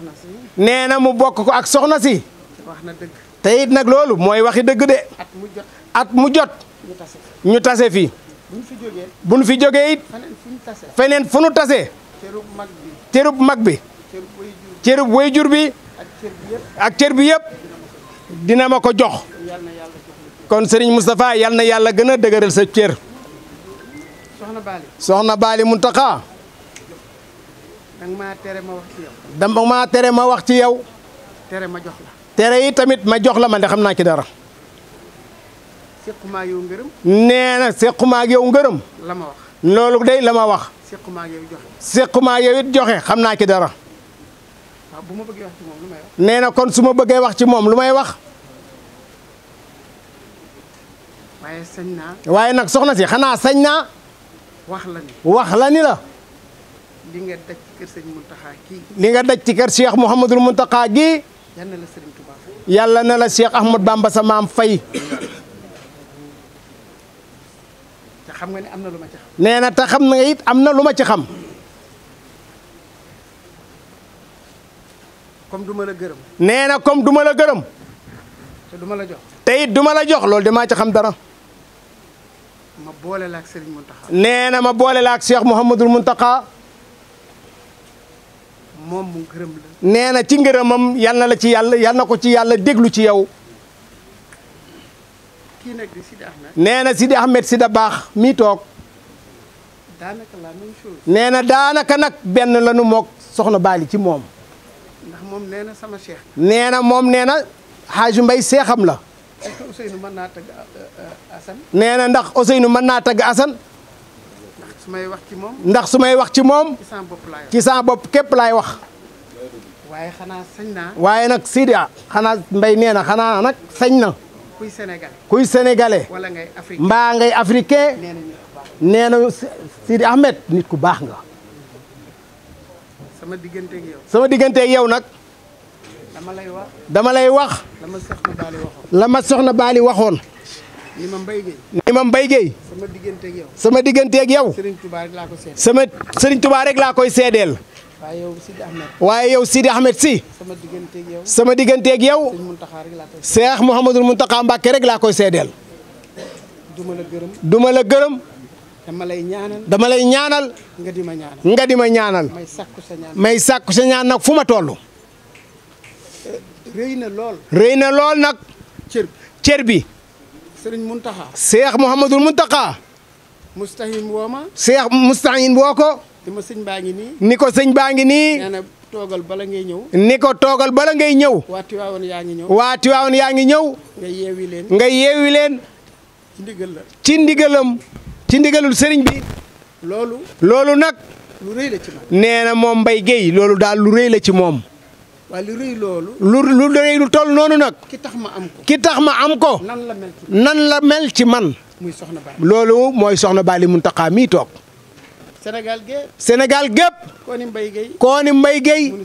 nee na mu bokk ko ak soxna si. wax na dëgg. te nag loolu mooy waxi dëgg de. at mu jot ñu tase fi ñu tase fi. buñ fi jógee. buñ feneen fu ñu tase. feneen fu cërub mag bi. cërub mag bi. cërub bi. ak cër bi yëpp. dina ma ko jox. kon Serigne Moustapha yal na yàlla gën a dëgëral sa cër. soxna Baali. soxna Baali Muntaxa danga maa tere ma wax tere ma wax ci yow. tere ma jox tere yi tamit ma jox la ma de xam naa ci dara. sequma ak yow ngërëm. nee na sequma ak wax. loolu day la ma wax. sequma ak yow joxe. xam naa ci dara. bu ma bëggee na kon su ma bëggee wax ci moom lu may wax. waaye sañ naa. waaye nag soxna si xanaa sañ naa. wax la ni wax la ni la. li nga daj ci kër sëñ Mountakha gii. li nga daj ci kër Cheikh Mouhamadul Mountakha gii. yàlla na la sëriñ Touba yàlla na la Cheikh Ahmad Bamba sa maam fay. te xam nga ne am na lu ma nee na te xam nga it am na lu ma ci xam. comme du ma la gërëm. nee na comme du ma la gërëm. te du ma la jox. te it du ma la jox loolu damaa ci xam dara. ma boole la ak Serigne nee na ma boole la ak Cheikh Mouhamadul Mountakha. moom nee na ci ngërëmam yal na la ci yàlla yal na ko ci yàlla déglu ci yow. kii nag di Sidi Ahmed. nee na Sidi baax mi toog. daanaka la même chose. nee na daanaka nag benn lanu moog soxna Baali ci moom. ndax moom nee na sama cheikh. nee na moom nee na xaaju mbay seexam la. est-ce que Ousseynou mën naa tagg euh, euh, Assane. ndax mën naa tagg Assane. su may wax ci moom. ndax su may wax ci moom. ci sama bopp ci sama bopp képp laay wax. waaye xanaa sañ naa. waaye nag Sidia. Ah, xanaa mbay nee na xanaa nag sañ na. kuy sénégalais. kuy sénégalais. wala ngay africain mbaa ngay africain. nee na Sidi Ahmed nit ku baax nga. sama digganteeg yow. yow nag. dama lay wax. dama lay wax. la ma soxna Baali waxoon. la ma soxna Baali waxoon. ni ma Mbaye Gueye. ni ma Mbaye Gueye. sama digganteeg yow. sama digganteeg yow. Serigne Touba rek laa koy seedeel. sama Serigne Touba rek laa koy seedeel. waaye yow Sidi Ahmed. waaye yow Sidi Ahmed si. sama digganteeg yow. sama digganteeg yow. Serigne rek laa koy. Cheikh Mouhamadul Mountakha rek laa koy seedeel. duma la gërëm. duma la gërëm. dama lay ñaanal dama lay ñaanal. nga di ma ñaanal nga di ma ñaanal. may sàkku sa ñaan may sàkku nag fu ma toll. rëy na lool. rëy na lool nag. cër bi. Serigne Mountakha. Cheikh Mouhamadul Mountakha. Moustahine woo ma. Cheikh Moustahine woo ko. ni ma sëñ baa ngi nii. ni ko sëñ baa ngi nii. toogal bala ngay ñëw. ni ko toogal bala ngay ñëw. waa yaa ngi ñëw. waa Tiwaawoon yaa ngi ñëw. nga yeewi leen. nga yeewi leen. ci la. ci ndigalam. ci ndigalul sëriñ bi. loolu. loolu nag. lu rëy la ci moom. nee na loolu daal lu rëy la ci moom. waaye lu rëy loolu. lu lu rëy lu toll noonu nag. ki tax ma am ko tax ma am ko. nan la mel ci nan la mel ci man. muy soxna Baali loolu mooy soxna Baali Muntaxa mii toog. Sénégal gépp Sénégal gépp kooni Mbaye Guèye kooni Mbaye Guèye mum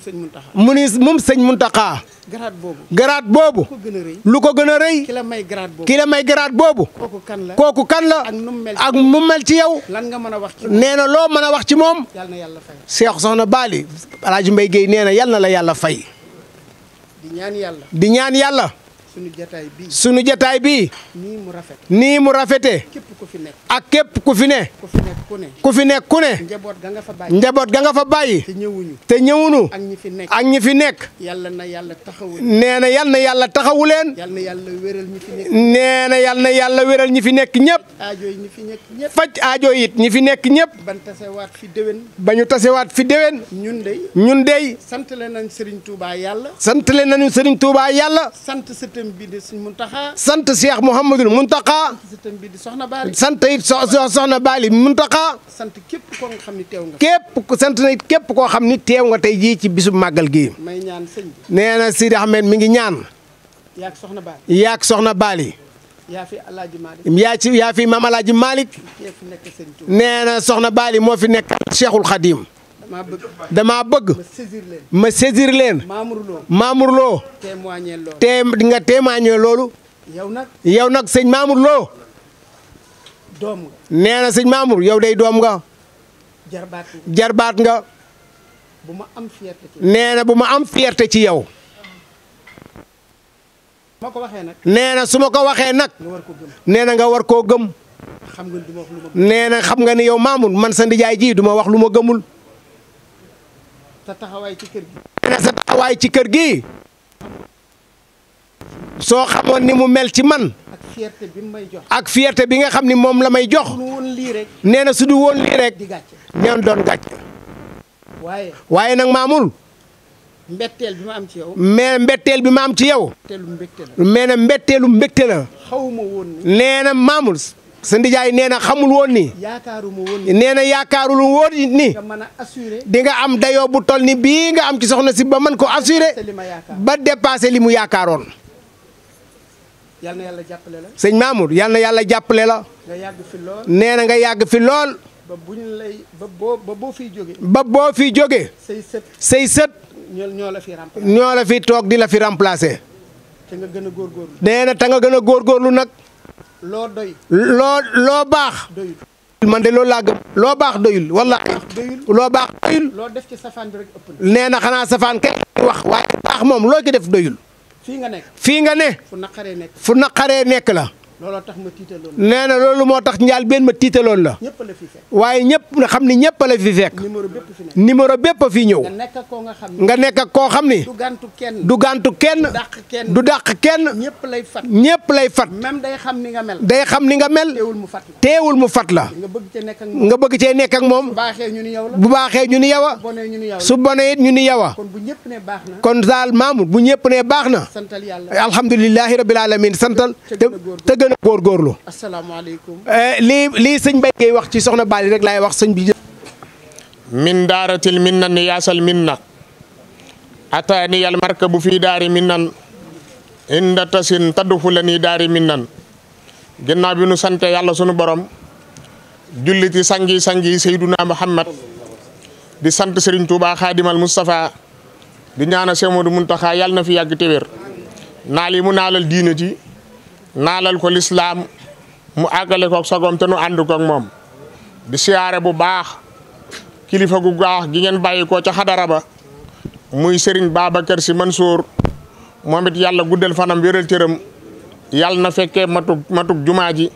sëñ Muntaxa mu ni mum sëñ Muntaxa garaat boobu garaat boobu lu ko gën a rëy ki la may garaat boobu ki la may garaat boobu kooku kan la kooku kan la ak mu mel ci yow lan nga mën a wax nee na loo mën a wax ci moom yàlla na yàlla fay Cheikh Soxna Bali Alaaji Mbaye Guèye nee na yàlla na la yàlla fay di ñaan di ñaan yàlla suñu jataay bii. suñu jataay bii. nii mu rafet. nii mu rafetee. képp ku fi nekk. ak képp ku fi ne. ku fi nekk ku ne. njaboot ga nga fa bàyyi. njaboot ga nga fa bàyyi. te ñëwuñu. te ñëwuñu. ak ñi fi nekk ak ñi fi nekk. yàlla na yàlla taxawu leen. nee na yàlla na yàlla taxawu leen. yàlla yàlla wéral ñi fi nekk. nee na yàlla na yàlla wéral ñi fi nekk ñëpp. aajo yi ñi faj aajo it ñi fi nekk ñëpp. ban tasewaat fi déwén. ba ñu tasewaat fi déwén. ñun de. ñun de. sant leen nañu Serigne Touba yàlla. sant sëtam bi di Sëñ Muntaxa sant Cheikh Mouhamadul Muntaxa sëtam bi di Soxna Baali sant it Soxna Baali Muntaxa sant képp koo xam ni teew nga képp sant na it képp koo xam ni teew nga tey jii ci bisub màggal gii may ñaan sëñ bi nee mi ngi ñaan yaak Soxna Baali yaak Soxna Baali yaa fi alaaji Malick yaa fi maam alaaji Malick nee na Soxna Baali moo fi nekk Cheikhul Khadim dama bëgg ma saisir leen Mamour Lo te nga témoigner loolu yow nag sëñ Mamour Lo nee na sëñ Mamour yow day doom nga jarbaat nga nee na bu ma am fierté ci yow nee na su ma ko waxee nag nee na nga war koo gëm nee na xam nga ni yow Mamour man sa ndijaay ji du wax lu ma gëmul sa taxawaay ci kër gi. ci kër gi. soo xamoon ni mu mel ci man. ak fierté bi may jox. ak fierté bi nga xam ni moom la may jox. nee na su du woon lii rek. ñoom doon gàcc. waaye. waaye nag maamul. mbetteel bi ma ci yow. mais mbetteel bi ma am ci yow. mbetteel mbégte la. mbetteelu mbégte la. xaw ma woon maamul. sa ndijaay nee na xamul woon ni. yaakaaruma woon ni nee na yaakaarul woon ni. nga mën a assuré. di nga am dayoo bu toll nii bii nga am ci soxna si ba mën ko assuré. ba dépassé li mu yaakaaroon. yal na yàlla jàppale la. sëñ Mamour yal na yàlla jàppale la. nga yàgg fi lool. nee na nga yàgg fi lool. ba bu ñu lay ba boo fi jóge ba boo fiy jógee. say sët say sët. ñoo la fi remplacé ñoo la fi toog di la fi remplacé. te nga gën góor góorgóorlu. nee gën a góorgóorlu nag. loo doy. loo loo baax. doyul man de loolu laa loo baax doyul wala. loo baax doyul. loo def ci safaan rek nee na xanaa safaan kay wax waaye baax moom loo ci def doyul. fii nga nekk fii nga ne. fu naqaree nekk fu naqaree nekk la. looloo tax ma tiitaloon nee na loolu moo tax njaal benn ma tiitaloon la. ñëpp la fi fekk waaye ñëpp na xam ni ñëpp la fi fekk. numéro bépp fi nekk numéro bépp fi ñëw. nga nekk ak koo nga xam ni nga nekk ak koo xam ni. du gàntu kenn du gàntu kenn. du kenn du dàq kenn. ñëpp lay fat ñëpp lay fat. même day xam ni nga mel. day xam ni nga mel. teewul mu fat la teewul mu fat la. nga bëgg cee nekk moom nga bëgg cee nekk moom. bu baaxee ñu ni yow bu baaxee ñu yow a. su bonee ñu ni yow a. kon bu ñëpp nee baax daal Mamour bu ñëpp ne baax na. santal yàlla alhamdulilahi rabbil alamin santal te gën góorgóorlu. asalaamaaleykum. Eh, lii lii sëñ Mbaye wax ci soxna Bali rek laay wax sëñ bi. min daaratil minna ni yaasal minna. ataani yal marka bu fii daari minnan. inda tasin taddu fu la nii daari minnan. ginnaaw bi nu sant yàlla sunu borom. julliti sangi sangi Seyduna Muhammad di sant Serigne Touba Xaadimal Moustapha di ñaana Seex Moodu Muntaxa yàlla na fi yàgg te mu naalal diine naalal ko lislaam mu àggale koog sagom te nu ànd moom di siyaare bu baax kilifa gu gaax gi ngeen bàyyi ko ca xadara ba muy Serigne Babacar Sy Mansour moom it yàlla guddal fanam wéral cëram yàlla na fekkee matuk matuk jumaa ji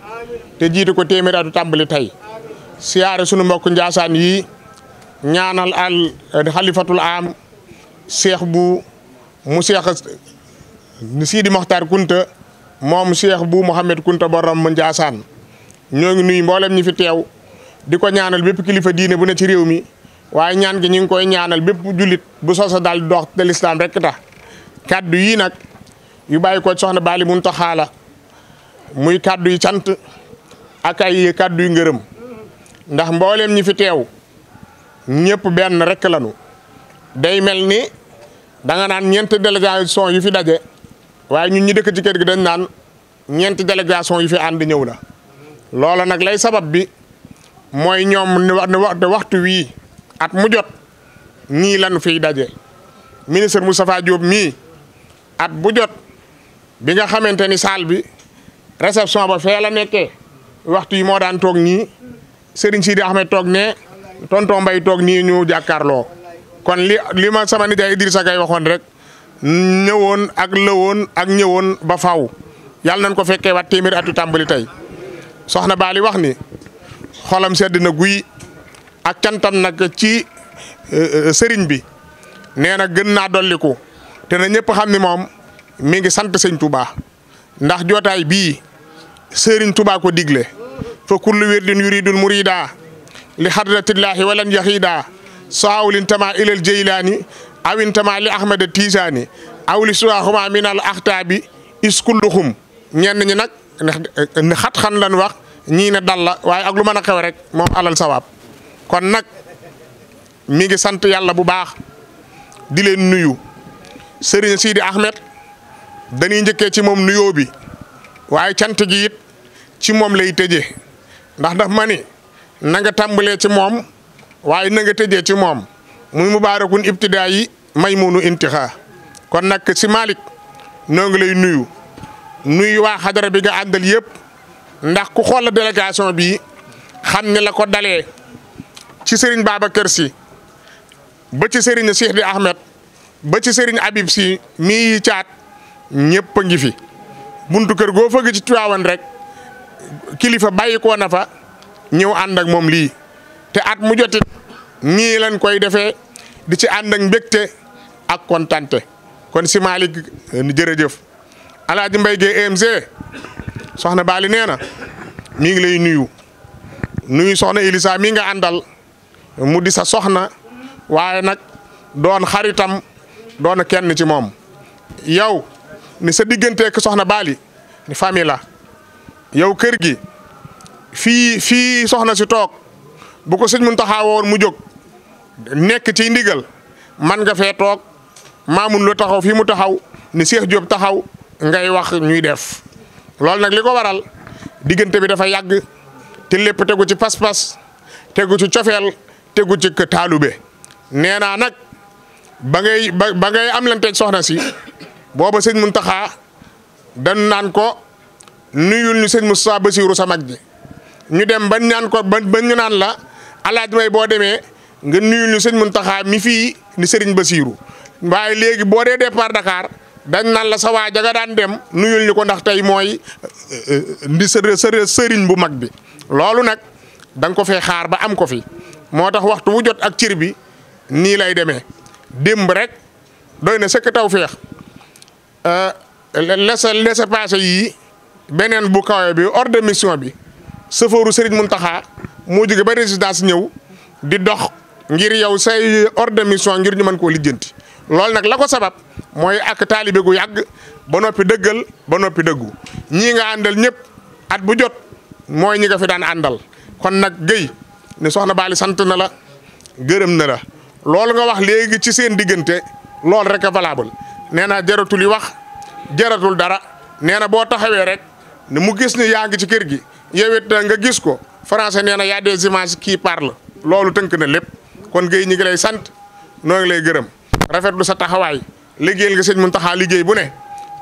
te jiitu ko téeméeri atu tàmbali tey siyaare sunu mbokk njaasaan yi ñaanal al xalifatul am seex bu mu seex Sidi Mokhtar Kunta moom Cheikh bu Mouhamed Kunta Borom mu Ndiassane ñoo ngi nuyu mboolem ñi fi teew di ko ñaanal bépp kilifa diine bu ne ci réew mi waaye ñaan gi ñu ngi koy ñaanal bépp jullit bu soso dal di dox te lislaam rekk tax kàddu yii nag yu bàyyi ko soxna Baali Muntaxa la muy kàddu yi cant ak ay kàddu yu ngërëm ndax mboolem ñi fi teew ñëpp benn rekk lanu day mel ni da naan ñeenti délégation yu fi daje. waaye ñu ñi dëkk ci kër gi dañ naan ñeenti délégation yi fi ànd ñëw na loola nag lay sabab bi mooy ñoom ni waxtu wii at mu jot nii lañu fiy daje ministre Moustapha Diop mii at bu jot bi nga xamante ni salle bi réception ba fee la nekkee waxtu yi moo daan toog nii sëriñ Serigne Sidi Ahmed toog ne tonton Mbaye toog nii ñu jàkkaarloo kon li li ma sama nijaay Idrissa Gay waxoon rek ñëwoon ak lëwoon ak ñëwoon ba faw yàlla nañ ko fekkee waat téeméeri atu tàmbali tey soxna Baali wax ni xolam sedd na guy ak cantam nag ci euh, euh, sëriñ bi nee na gën naa dolliku te na ñëpp xam ni moom mi ngi sant sëñ Touba ndax jootaay bii sëriñ Touba ko digle fa kullu wirdin yuridul murida li xadratillaahi walan yaxiida saawlin tama ilal jëylaani aw intama li ahmada tijaani aw li suwaaxuma min al axtaabi iskulluhum ñenn ñi nag ndax eh, xat xan lan wax ñii ne dal la waaye ak lu mën a xew rek moom alal sawaab kon nag mi ngi sant yàlla bu baax di leen nuyu Serigne siidi Ahmed dañuy njëkkee ci moom nuyoo bi waaye cant gi it ci moom lay tëje ndax daf ma ni na nga tàmbalee ci moom waaye na nga tëjee ci moom muy mubaarakun ibtidaa yi may Maymunu Intixa kon nag si Malick noo ngi lay nuyu nuyu waa xadara bi nga àndal yëpp ndax ku xool délégation bi xam ne la ko dalee ci Serigne kër Sy ba ci Serigne Cheikh di Ahmed ba ci sëriñ Habib Sy mii caat ñëpp a ngi buntu kër goo fëgg ci Tiwaawan rek kilifa bàyyi ko na ñëw àndak moom lii te at mu jotit nii lañ koy defee. di ci ànd ak ak kontante kon si Malick eh, jërëjëf alaaj Mbaye Gueye EMG soxna baali nee na mi ngi lay nuyu nuyu soxna Elisa mii nga àndal mu di sa soxna waaye nag doon xaritam doon kenn ci moom yow ni sa digganteek soxna baali ni famille la yow kër gi fii fii soxna si toog bu ko sëñ mun taxawoon mu jóg nekk ci ndigal man nga fee toog maamun lu taxaw fii mu taxaw ni Cheikh jóob taxaw ngay wax ñuy def loolu nag li ko waral diggante bi dafa yàgg te lépp tegu ci pas-pas tegu ci cofeel tegu ci taalube nee naa nag ba ngay ba ngay am lanteeg soxna si booba sëñ taxaa dañ naan ko nuyul ñu sëñ Moussa Bassirou sa mag ji ñu dem ba ñaan ko ba ñu naan la alaaj may boo demee nga nuyu ñu sëñ Muntaxa mi fii ni sëriñ Basiiru waaye léegi boo dee départ Dakar dañ naan la sawaa waa jaga daan dem nuyul ñu ko ndax tey mooy euh, euh, ndi sëriñ bu mag bi loolu nag da ko fee xaar ba am ko fi moo tax waxtu wu jot ak cir bi nii lay demee démb rek doy na sëkk taw feex euh, lese lese passé yii beneen bu kawe bi hors de mission bi sëfooru sëriñ Muntaxa moo jóge ba résidence ñëw di dox ngir yow say ordre ngir ñu mën koo lijjanti loolu nag la ko sabab mooy ak taalibe gu yàgg ba noppi dëggal ba noppi dëggu ñii nga àndal ñëpp at bu jot mooy ñi nga fi daan àndal kon nag Guèye ne soxna baali sant na la gërëm na la loolu nga wax léegi ci seen diggante loolu rek a valable nee naa jaratul yi wax jaratul dara nee na boo taxawee rek ne mu gis ni yaa ngi ci kër gi yow it nga gis ko français nee na y a des images qui parlent loolu tënk na lépp. kon Guèye ñi ngi lay sant noo ngi lay gërëm rafetlu sa taxawaay liggéeyal nga mun Muntaxa liggéey bu ne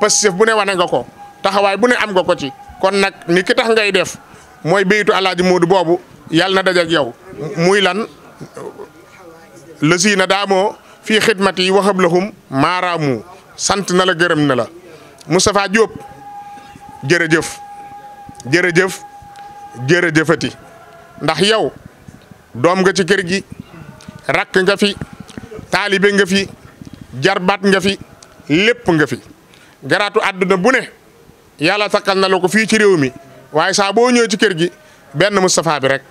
Pastef bu ne wane nga ko taxawaay bu ne am nga ko ci kon nag ni ki tax ngay def mooy béytu alaaji Moodu boobu yàlla na dajak yow muy lan la sii na daamoo fii xidmat yi waxab lahum maaraamu sant na la gërëm na la Moustapha Diop jërëjëf jërëjëf jërëjëfati ndax yow doom nga ci kër gi rakk nga fi taalibe nga fi jarbaat nga fi lépp nga fi garaatu àdduna bu ne yàlla takkal na la ko fii ci réew mi waaye saa boo ñëwee ci kër gi benn Moustapha rek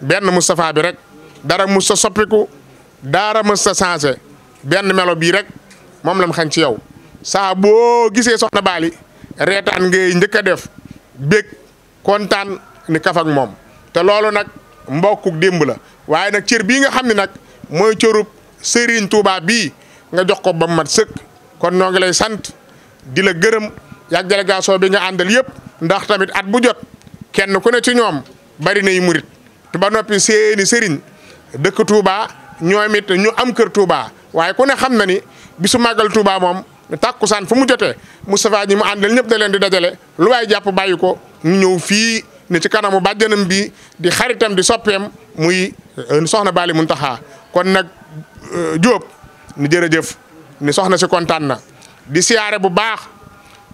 benn Moustapha bi rek dara mus sa soppiku dara mus sa benn melo bii rek moom la mu xañ ci yow saa boo gisee soxna Bali reetaan ngay njëkk a def bég kontaan ni kaf moom te loolu nag mbokku démb la waaye nag cër bii nga xam ni nag. mooy cërub Serigne Touba bii nga jox ko ba mu mat sëkk kon noo lay sant di la gërëm yaag délégation bi nga àndal yëpp ndax tamit at bu jot kenn ku ne ci ñoom bari na murit te ba noppi seeni sëriñ dëkk Touba ñoom ñu am kër Touba waaye ku ne xam na ni bisu màggal Touba moom tàkkusaan fu mu jotee mu Moustapha ñi mu àndal ñëpp da leen di dajale lu waay jàpp bàyyi ko ñu ñëw fii ne ci kanamu bàjjanam bi di xaritam di soppeem muy euh, soxna Bali Muntaxa kon nag euh, Diop ni jërëjëf ni soxna si kontaan na di siyaare bu baax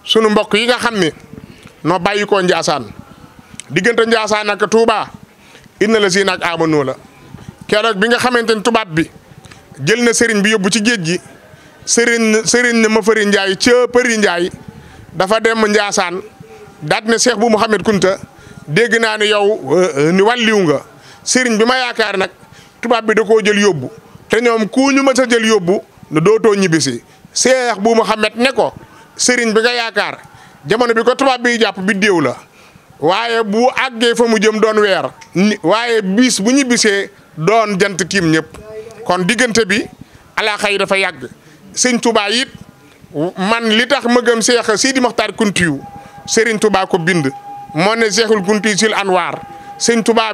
sunu mbokk yi nga xam ni noo bàyyi koo Njaasaan diggante Njaasaan ak Touba inna la siin ak amanu la keroog bi nga xamante ni tubaab bi jël na sëriñ bi yóbbu ci géej gi sëriñ sëriñ ne ma fëri Njaay ca përi Njaay dafa dem Njaasaan daat ne Cheikh bu Mouhamed Kunta dégg naa ne yow euh, euh, ni wàlliw nga sëriñ bi ma yaakaar nag. tubaab bi da koo jël yóbbu te ñoom ku ñu ma a jël yóbbu ne dootoo ñibbisi Seex bu Muhammad ne ko sëriñ bi nga yaakaar jamono bi ko tubaab bi jàpp biddéew la waaye bu àggee fa mu jëm doon weer waaye bis bu ñibbisee doon jant tiim ñëpp kon diggante bi alaaxa yi dafa yàgg sëñ tubaa it man li tax ma gëm Seex Sidi Moxtaar Kuntiyu sëriñ Tuubaa ko bind moo ne Seexul Kuntiyu sil anwaar sëñ Tuubaa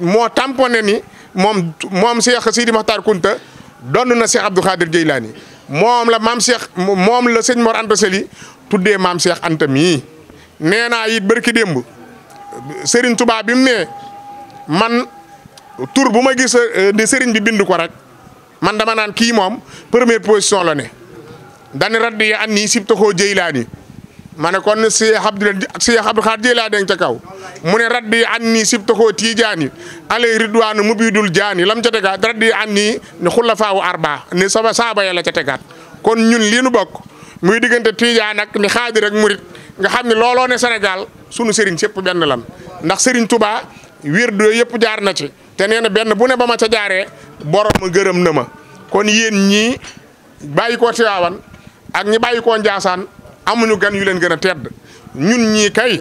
moo tamponé ni moom moom Cheikh Sidi Kunta donn na Cheikh Abdou Khadir Jeylaani moom la maam Cheikh moom la sëñ Mor Anta Sali tuddee maam Cheikh Anta mii nee naa it barki démb Serigne Touba bi mu man tur bu ma gis euh, di Serigne bi bind ko rek man dama naan kii moom première position la ne dani raddi yi an nii sibtaxoo Jeylaani ma ne kon Cheikh Abdou Cheikh Abdou Khadir laa denc ca kaw mu ne raddi an nii sib taxoo tiijaani alay ridwaanu mubidul jaani lam ca tegaat raddi an nii ne xulafaawu arba ne sama saaba ya la ca tegaat kon ñun lii nu bokk muy diggante tiijaan ak ni xaadir ak murit nga xam ne looloo ne Sénégal sunu sëriñ sëpp benn lan ndax sëriñ Touba wérdu yëpp jaar na ci te nee na benn bu ne ba ma ca jaaree borom a gërëm na ma kon yéen ñii bàyyi koo Tiwaawan ak ñi bàyyi koo amuñu gan yu leen gën a tedd ñun ñii kay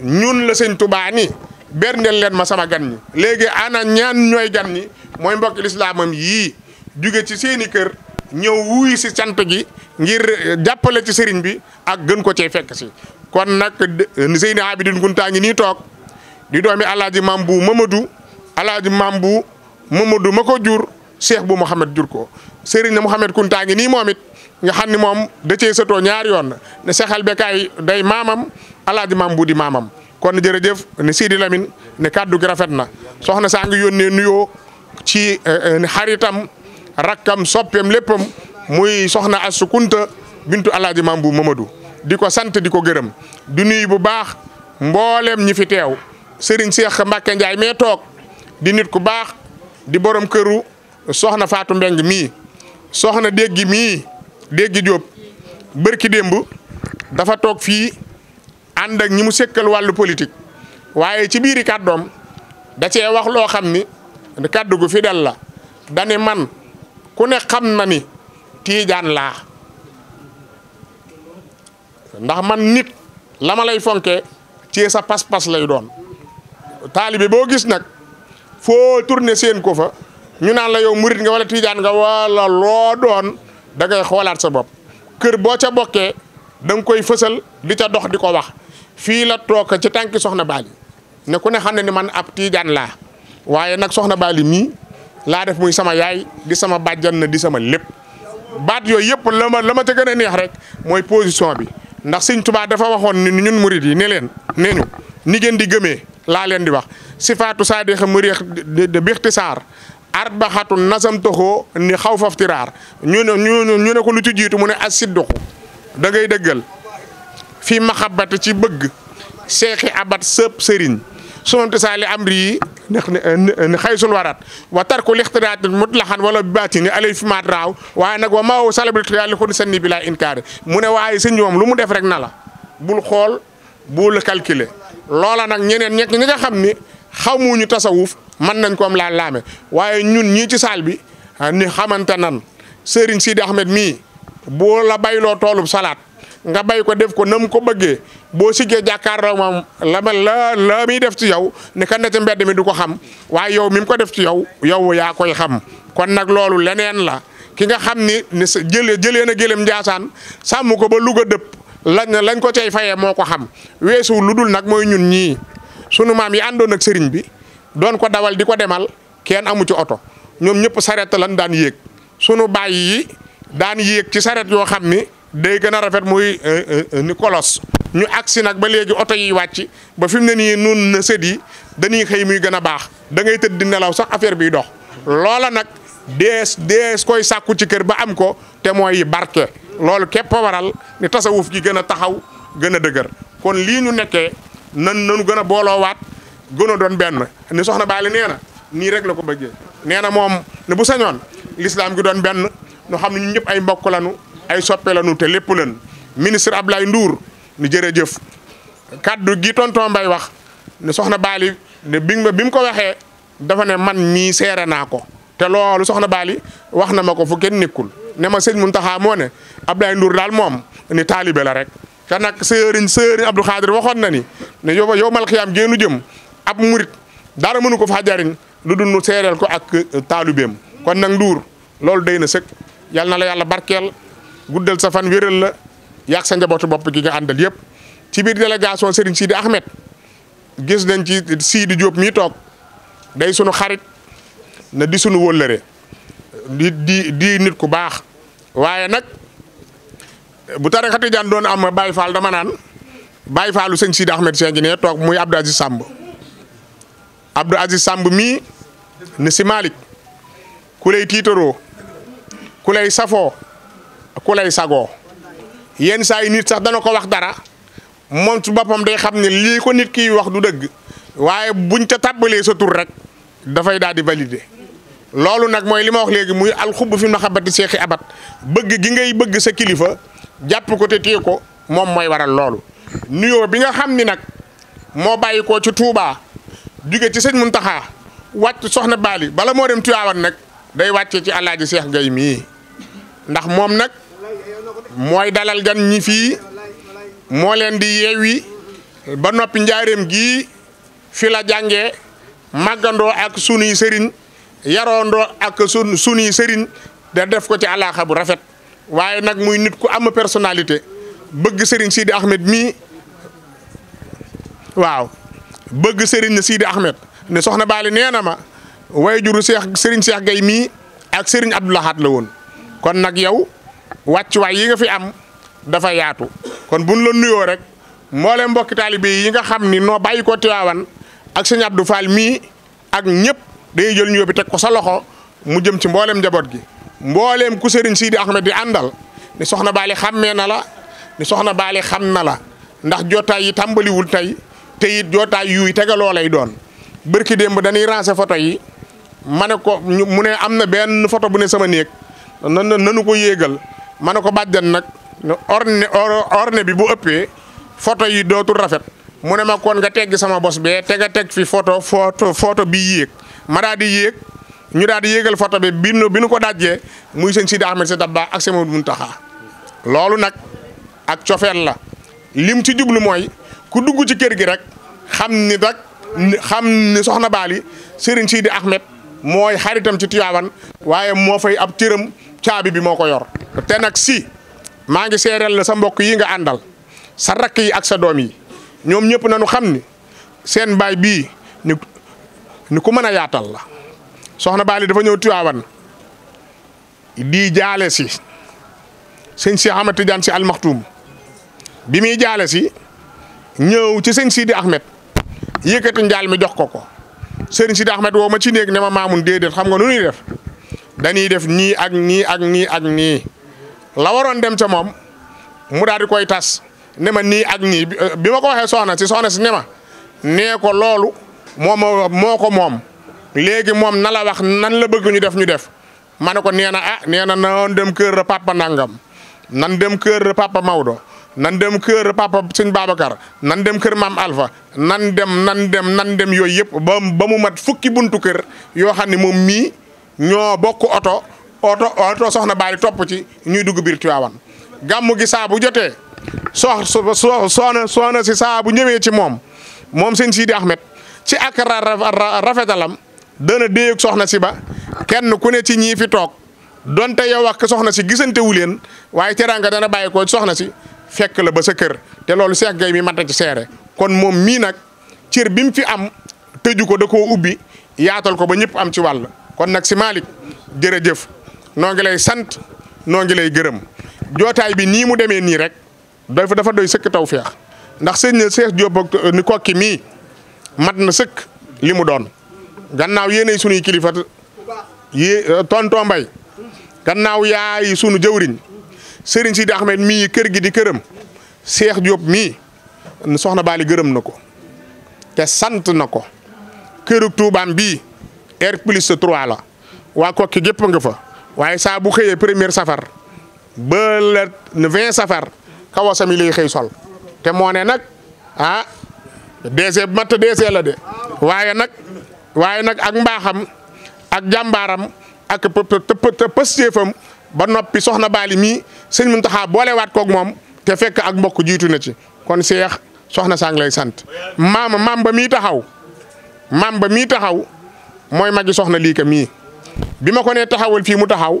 ñun la sëñ Tuubaa ni berndeel leen ma sama gan ñi léegi ana ñaan ñooy gan ñi mooy mbokk lislaamam yii juge ci seeni kër ñëw wuy si sant gi ngir eh, jàppale ci sëriñ bi ak gën ko cee fekk si kon nag Seyni Abidin Kunta ngi nii toog di doomi alaaji mam bu Mamadou alaaji mam bu Mamadou ma ko jur cheikh bu Mouhamed jur ko sëriñ na Mouhamed Kunta ngi nii moom nga xam ni moom da cee sëtoo ñaari yoon ne sexal bekaay day maamam alaaji maam bu di maamam kon jërëjëf ne Sidi Lamine ne kaddu gi rafet na soxna saa ngi yónnee nuyoo ci eh, eh, xaritam rakkam soppeem léppam muy soxna Astou Kounta bintu alaaji maam bu Mamadou di ko sant di ko gërëm di nuyu bu baax mboolem ñi fi teew Serigne Cheikh Mbacke Ndiaye mee toog di nit ku baax di borom këru soxna Fatou Mbeng mii soxna déggi mii déggi Diop bërki démb dafa toog fii ànd ñi mu sëkkal wàllu politik waaye ci biiri kàddoom da cee wax loo xam ni kàddu gu fidèle la dani man ku ne xam na ni tiijaan laa ndax man nit la lay fonke ci sa pas-pas lay doon taalibe boo gis nag foo turne seen ko fa ñu naan la yow murit nga wala tiijaan nga wala loo doon da xoolaat sa bopp kër boo ca bokkee da nga koy fësal di ca dox di ko wax fii la toog ci tànki soxna Bali ne ku ne xam ne ni man ab tiijaan laa waaye nag soxna Bali nii laa def muy sama yaay di sama bàjjan na di sama lépp baat yooyu yëpp la ma la ma ca gën a neex rek mooy position bi ndax Sëñ tubaat dafa waxoon ni ñun murid yi ne leen ne ñu ni ngeen di gëmee laa leen di wax sifaatu saadixa muriex de bixtisaar arbaxatu nasam toxoo ni xaw faftiraar ñu ne ñu ñu ne ko lu ci jiitu mu ne asidduqu da ngay dëggal fii maxabbati ci bëgg seexi abat sëpp sëriñ sunante saa li amri yi ni xaysul warat wa tarku lixtiraat mutlaxan wala baatini alay fi maat raaw waaye nag wa maaw salabirtu yàlla ko ni sanni bi laa inkaari mu ne waaye sëñ moom lu mu def rek na la bul xool bul calculer loola nag ñeneen ñekk ñi nga xam ni xamuñu tasawuf mën nañ ko am laa laame waaye ñun ñii ci saal bi ah, ni xamante nan Serigne Sidi Ahmed mii boo la bayloo toolub salaat nga bay ko def ko na mu ko bëggee boo siggee jàkkaarloo moom la la la muy def ci yow ne kan na ci mbedd mi du ko xam waaye yow mi mu ko def ci yow yow yaa koy xam kon nag loolu leneen la ki nga xam ni ni jëlee jëlee na gëlëm njaasaan sàmm ko ba Louga dëpp lañ lañ ko cay fayee moo ko xam weesu lu dul nag mooy ñun ñii. sunu maam yi àndoon ak sëriñ bi doon ko dawal di ko demal kenn amu ci oto ñoom ñëpp saret lan daan yéeg sunu baay yi daan yéeg ci saret yoo xam ni day gën a rafet muy euh, euh, euh, ni kolos ñu agsi nag ba léegi oto yi wàcc ba fi mu ne nii nun na sët yi dañuy xëy muy gën a baax da ngay tëdd di nelaw sax affaire biy dox loola nag dees dees koy sàkku ci kër ba am ko te mooy barke loolu képp a waral ni tasawuf gi gën a taxaw gën a dëgër kon lii ñu nekkee nan nanu gën a booloowaat gën doon benn ni soxna Baali nee na nii rek la ko bëggee nee na moom ne bu sañoon lislaam gi doon benn noo xam ne ñëpp ay mbokk lanu ay soppe lanu te lépp lan ministre Ablaye Ndour ni jërëjëf kaddu gi tonton wax ne soxna Baali ne bi bi mu ko waxee dafa ne man mii seere naa ko te loolu soxna Baali wax na ma ko fu kenn nekkul ne ma sëñ Muntaxa moo ne Ablaye Ndour daal moom ni taalibe la rek te nag sëriñ sëriñ Abdou Khadir waxoon na ni ne yow yow mal xiyaam génnu jëm ab murit dara mënu ko faa jariñ lu dul nu seereel ko ak euh, taalubeem kon nag nduur loolu day na sëkk yal na la yàlla barkeel guddal sa fan wéral la yàq sa njabootu bopp gi nga àndal yëpp ci biir délégation Serigne Sidi Ahmed gis nañ ci Sidi Diop mii toog day sunu xarit na di sunu wóllëre di di nit ku baax waaye nag. bu tarixa tijaan doon am Baye Fall dama naan Baye Fallu sëñ Sidi Ahmed Seen gi ne toog muy Abdou Aziz Samb Abdou Aziz Samb mii ni si Malick ku lay tiitaroo ku lay safoo ku sagoo yenn saa yi nit sax dana ko wax dara moom ci boppam day xam ne lii ko nit kiy wax du dëgg waaye buñ ca tàbbalee sa tur rek dafay daal di valider loolu nag mooy li ma wax léegi muy alxubb fi maxabati seexi abat bëgg gi ngay bëgg sa kilifa jàpp ko te téye moom mooy waral loolu nuyoo bi nga xam ni nag moo bàyyi ko ci tuubaa jóge ci sëñ Muntaxa wàcc soxna Baali bala moo dem Tiwaawan nag day wàccee ci Alaaji Seex Gay mii ndax moom nag mooy dalal gan ñi fii moo leen di yeewi ba noppi njaareem gi fi la jàngee màggandoo ak sunuy sëriñ yaroondoo ak sun sunuy sëriñ da def ko ci alaaxa bu rafet waaye nag muy nit ku am personnalité bëgg Serigne Sidi Ahmed mii waaw bëgg Serigne Sidi Ahmed ne soxna Baali nee na ma way juru Cheikh Serigne Cheikh gay mii ak Serigne Abdou Lahad la woon kon nag yow wàccuwaay yi nga fi am dafa yaatu kon buñ la nuyoo rek mboolem mbokki taalibe yi nga xam ni noo bàyyi ko Tiwaawan ak Serigne Abdou Fall mii ak ñëpp dañuy jël nuyoo bi teg ko sa loxo mu jëm ci mboolem njaboot gi. mbooleem ku Serigne Sidi Ahmed di àndal ni soxna Baali xàmmee na la ni soxna Baali xam na la ndax jotaay yi tàmbaliwul tey te it jotaay yuy tegaloo lay doon bërki démb dañuy ranger photo yi ma ne ko mu ne am na benn foto bu ne sama néeg nan nanu ko yéegal ma ne ko bàjjan nag orne orne bi bu ëppee foto yi dootul rafet mu ne ma kon nga teggi sama bos bee tega teg fi photo photo photo bi yéeg ma daa di yéeg ñu daal di yéegal photo bi bi nu bi nu ko dajjee muy sëñ Sidi Ahmed Sy Dabakh ak sama Muntaxa loolu nag ak cofeel la lim ci jublu mooy ku dugg ci kër gi rek xam ni rek xam ni soxna Bali Serigne Sidi Ahmed mooy xaritam ci Tivaouane waaye moo fay ab cëram caabi bi moo ko yor. te nag si maa ngi seereel la sa mbokk yi nga àndal sa rakk yi ak sa doom yi ñoom ñëpp nañu xam ni seen baay bii ni ku mën a yaatal la. soxna Bali dafa ñëw Tiwaawan di jaale si sëñ Cheikh Ahmed jaan si almaxtuum bi muy jaale si ñëw ci sëñ Sidi Ahmed yëkkati njaal mi jox ko ko si Sidi Ahmed woo ma ci néeg ne ma maamun xam nga nu ñuy def dañuy def nii ak nii ak nii ak nii la waroon dem ca moom mu daal di koy tas ne nii ak nii bi ma ko waxee soxna si soxna si ne ma nee ko loolu moo moo ko moom. léegi moom nala la wax nan la bëgg ñu def ñu def ma ne ko nee na ah nee na naoon dem kër papa nangam nan dem kër papa Maodo nan dem kër papa sëñ Babacar nan dem kër maam Alpha nan dem nan dem nan dem yooyu yëpp ba ba mu mat fukki buntu kër yoo xam ne moom mii ñoo bokk oto oto oto soxna Baali topp ci ñuy dugg biir Tiwaawan gàmmu gi saa bu jotee sox so soxna soxna si saa bu ñëwee ci moom moom sëñ Sidi Ahmed ci ak rafetalam dana déyeeg soxna si ba kenn ku ne ci ñii fi toog donte yow ak soxna si gisante leen waaye teraanga dana bàyyi ko soxna si fekk la ba sa kër te loolu Cheikh Gueye mi mat a ci seere kon moom mii nag cër bi mu fi am tëju ko da koo ubbi yaatal ko ba ñëpp am ci wàll kon nag si Malick jërëjëf noo ngi sant noo ngi gërëm jootaay bi nii mu demee nii rek dafa dafa doy sëkk taw feex ndax sëñ na Cheikh Diop mii mat na sëkk li mu doon gannaaw yéenay sunuy kilifa yi euh, tonton Mbaye gannaaw yaay sunu jëwriñ Serigne Sidi Ahmed mii kër gi di kërëm Cheikh Diop mii soxna Bali gërëm na ko te sant na ko këru Tuubaam bii R plus 3 la waa kokki gépp nga fa waaye saa bu xëyee première safar ba le vingt safar kawasam yi lay xëy sol te moo nag ah DG mat DG la de waaye nag. waaye nag ak mbaaxam ak jàmbaaram ak të pëstéefam ba noppi soxna baali mii sëñ Muntaxa boolewaat kook moom te fekk ak mbokk jiitu na ci kon seex soxna saa ngi sant maam maam ba mii taxaw maam ba mii taxaw mooy magi soxna lii ka mii bi ma ko ne taxawal fii mu taxaw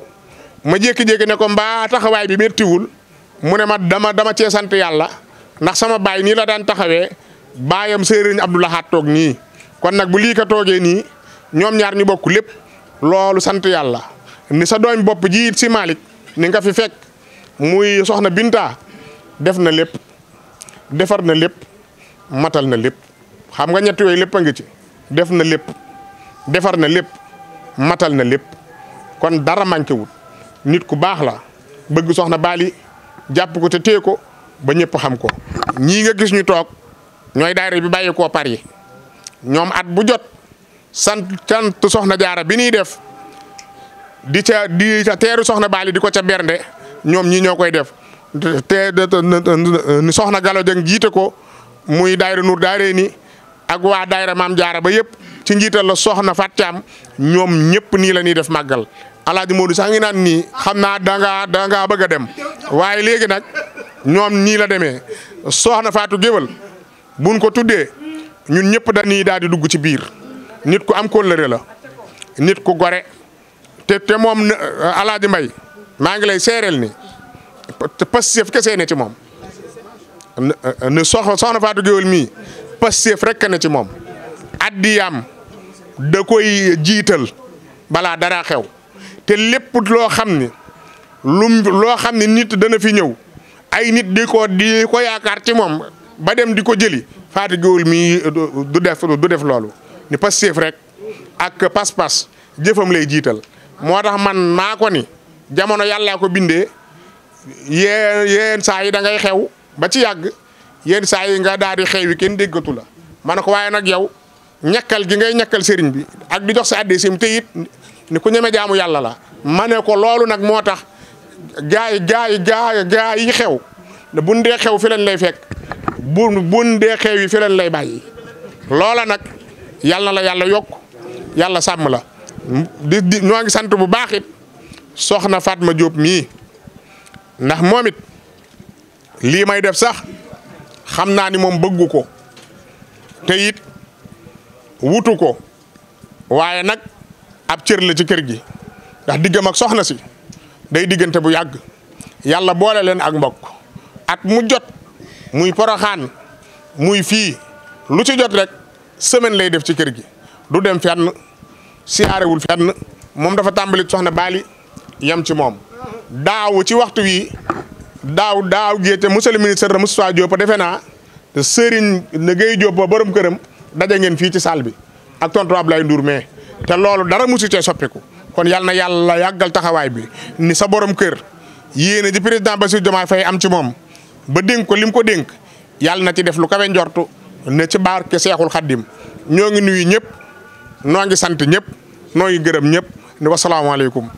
ma jékki-jékki ne ko mbaa taxawaay bi méttiwul mu ne ma dama dama cee sant yàlla ndax sama baay nii la daan taxawee baayam sëriñ Abdou Lahad toog nii kon nag bu lii ka toogee nii ñoom ñaar ñu bokk lépp loolu sant yàlla ni sa doom bopp ji si ni nga fi fekk muy soxna Binta def na lépp defar na lépp matal na lépp xam nga ñett yooyu lépp a ngi ci def na lépp defar na lépp matal na lépp kon dara manqué wut nit ku baax la bëgg soxna baali jàpp ko te téye ko ba ñëpp xam ko ñii nga gis ñu toog ñooy daayira bi bàyyi koo Paris ñoom at bu jot sant sant soxna jaara bi ñuy def di ca di ca teeru soxna Baali di ko ca bernde ñoom ñi ñoo koy def te soxna Galo Jeng jiite ko muy daayira Nuur Daarayni ak waa daayira maam jaara ba yëpp ci njiital la soxna faat Fatiam ñoom ñëpp nii la ñuy def màggal alaaji Moodu sax ngi naan nii xam naa danga dangaa bëgg a dem waaye léegi nag ñoom nii la demee soxna Faatu Géwal buñ ko tuddee ñun ñëpp dañuy daal di dugg ci biir nit ku am kóllëre la nit ku gore te te moom euh, Alaaji Mbay maa ngi lay seereel ni Pastef kese ne ci moom euh, ne soxna soxna Fatou Gueye mii Pastef rekk ne ci moom yam da koy jiital balaa dara xew te lépp loo xam ni lum loo xam ni nit dana fi ñëw ay nit di ko di ko yaakaar ci moom ba dem di ko jëli Fatou Gueye mi du def du def loolu ni Pastef rek ak pas-pas jëfam lay jiital moo tax man maa ni jamono yàllaa ko bindee yee yéen saa yi da xew ba ci yàgg yéen saa yi nga daal di xew yi kenn déggatu la ma ne ko waaye nag yow ñàkkal gi ngay ñàkkal sëriñ bi ak di jox sa addee sim te it ni ku ñeme jaamu yàlla la ma ne ko loolu nag moo tax gaay gaay gaay gaay yi xew bu ndee xew fi lay fekk bu bun dee xeew yi fi leen lay bàyyi loola nag yàlla na la yàlla yokk yàlla sàmm la di di ñoo ngi sant bu baaxit soxna faat ma jóob mii ndax moom lii may def sax xam naa ni moom bëggu ko te it wutu ko waaye nag ab cër la ci kër gi ndax diggam ak soxna si day diggante bu yàgg yàlla boole leen ak mbokk at mu jot muy poroxaan muy fii lu ci jot rek semaine lay def ci kër gi du dem fenn siyaarewul fenn moom dafa tàmbali soxna baali yam ci moom daaw ci waxtu wii daaw daaw géete monsieur le ministre de Moustapha Diop defe naa te Serigne Ndeye Diop ba borom këram daje ngeen fii ci salle bi ak tonton Ablaye Ndour mais te loolu dara mosu cee soppiku kon yàlla na yàlla yàggal taxawaay bi ni sa borom kër yéene ji président Bassirou Diomaye Faye am ci moom. ba dénk ko lim ko dénk yàlla na ci def lu kawe njortu ne ci barke Seexul Xaddim ñoo ngi nuyu ñëpp noo ngi sant ñëpp noo ngi gërëm ñëpp ni wasalaamualeykum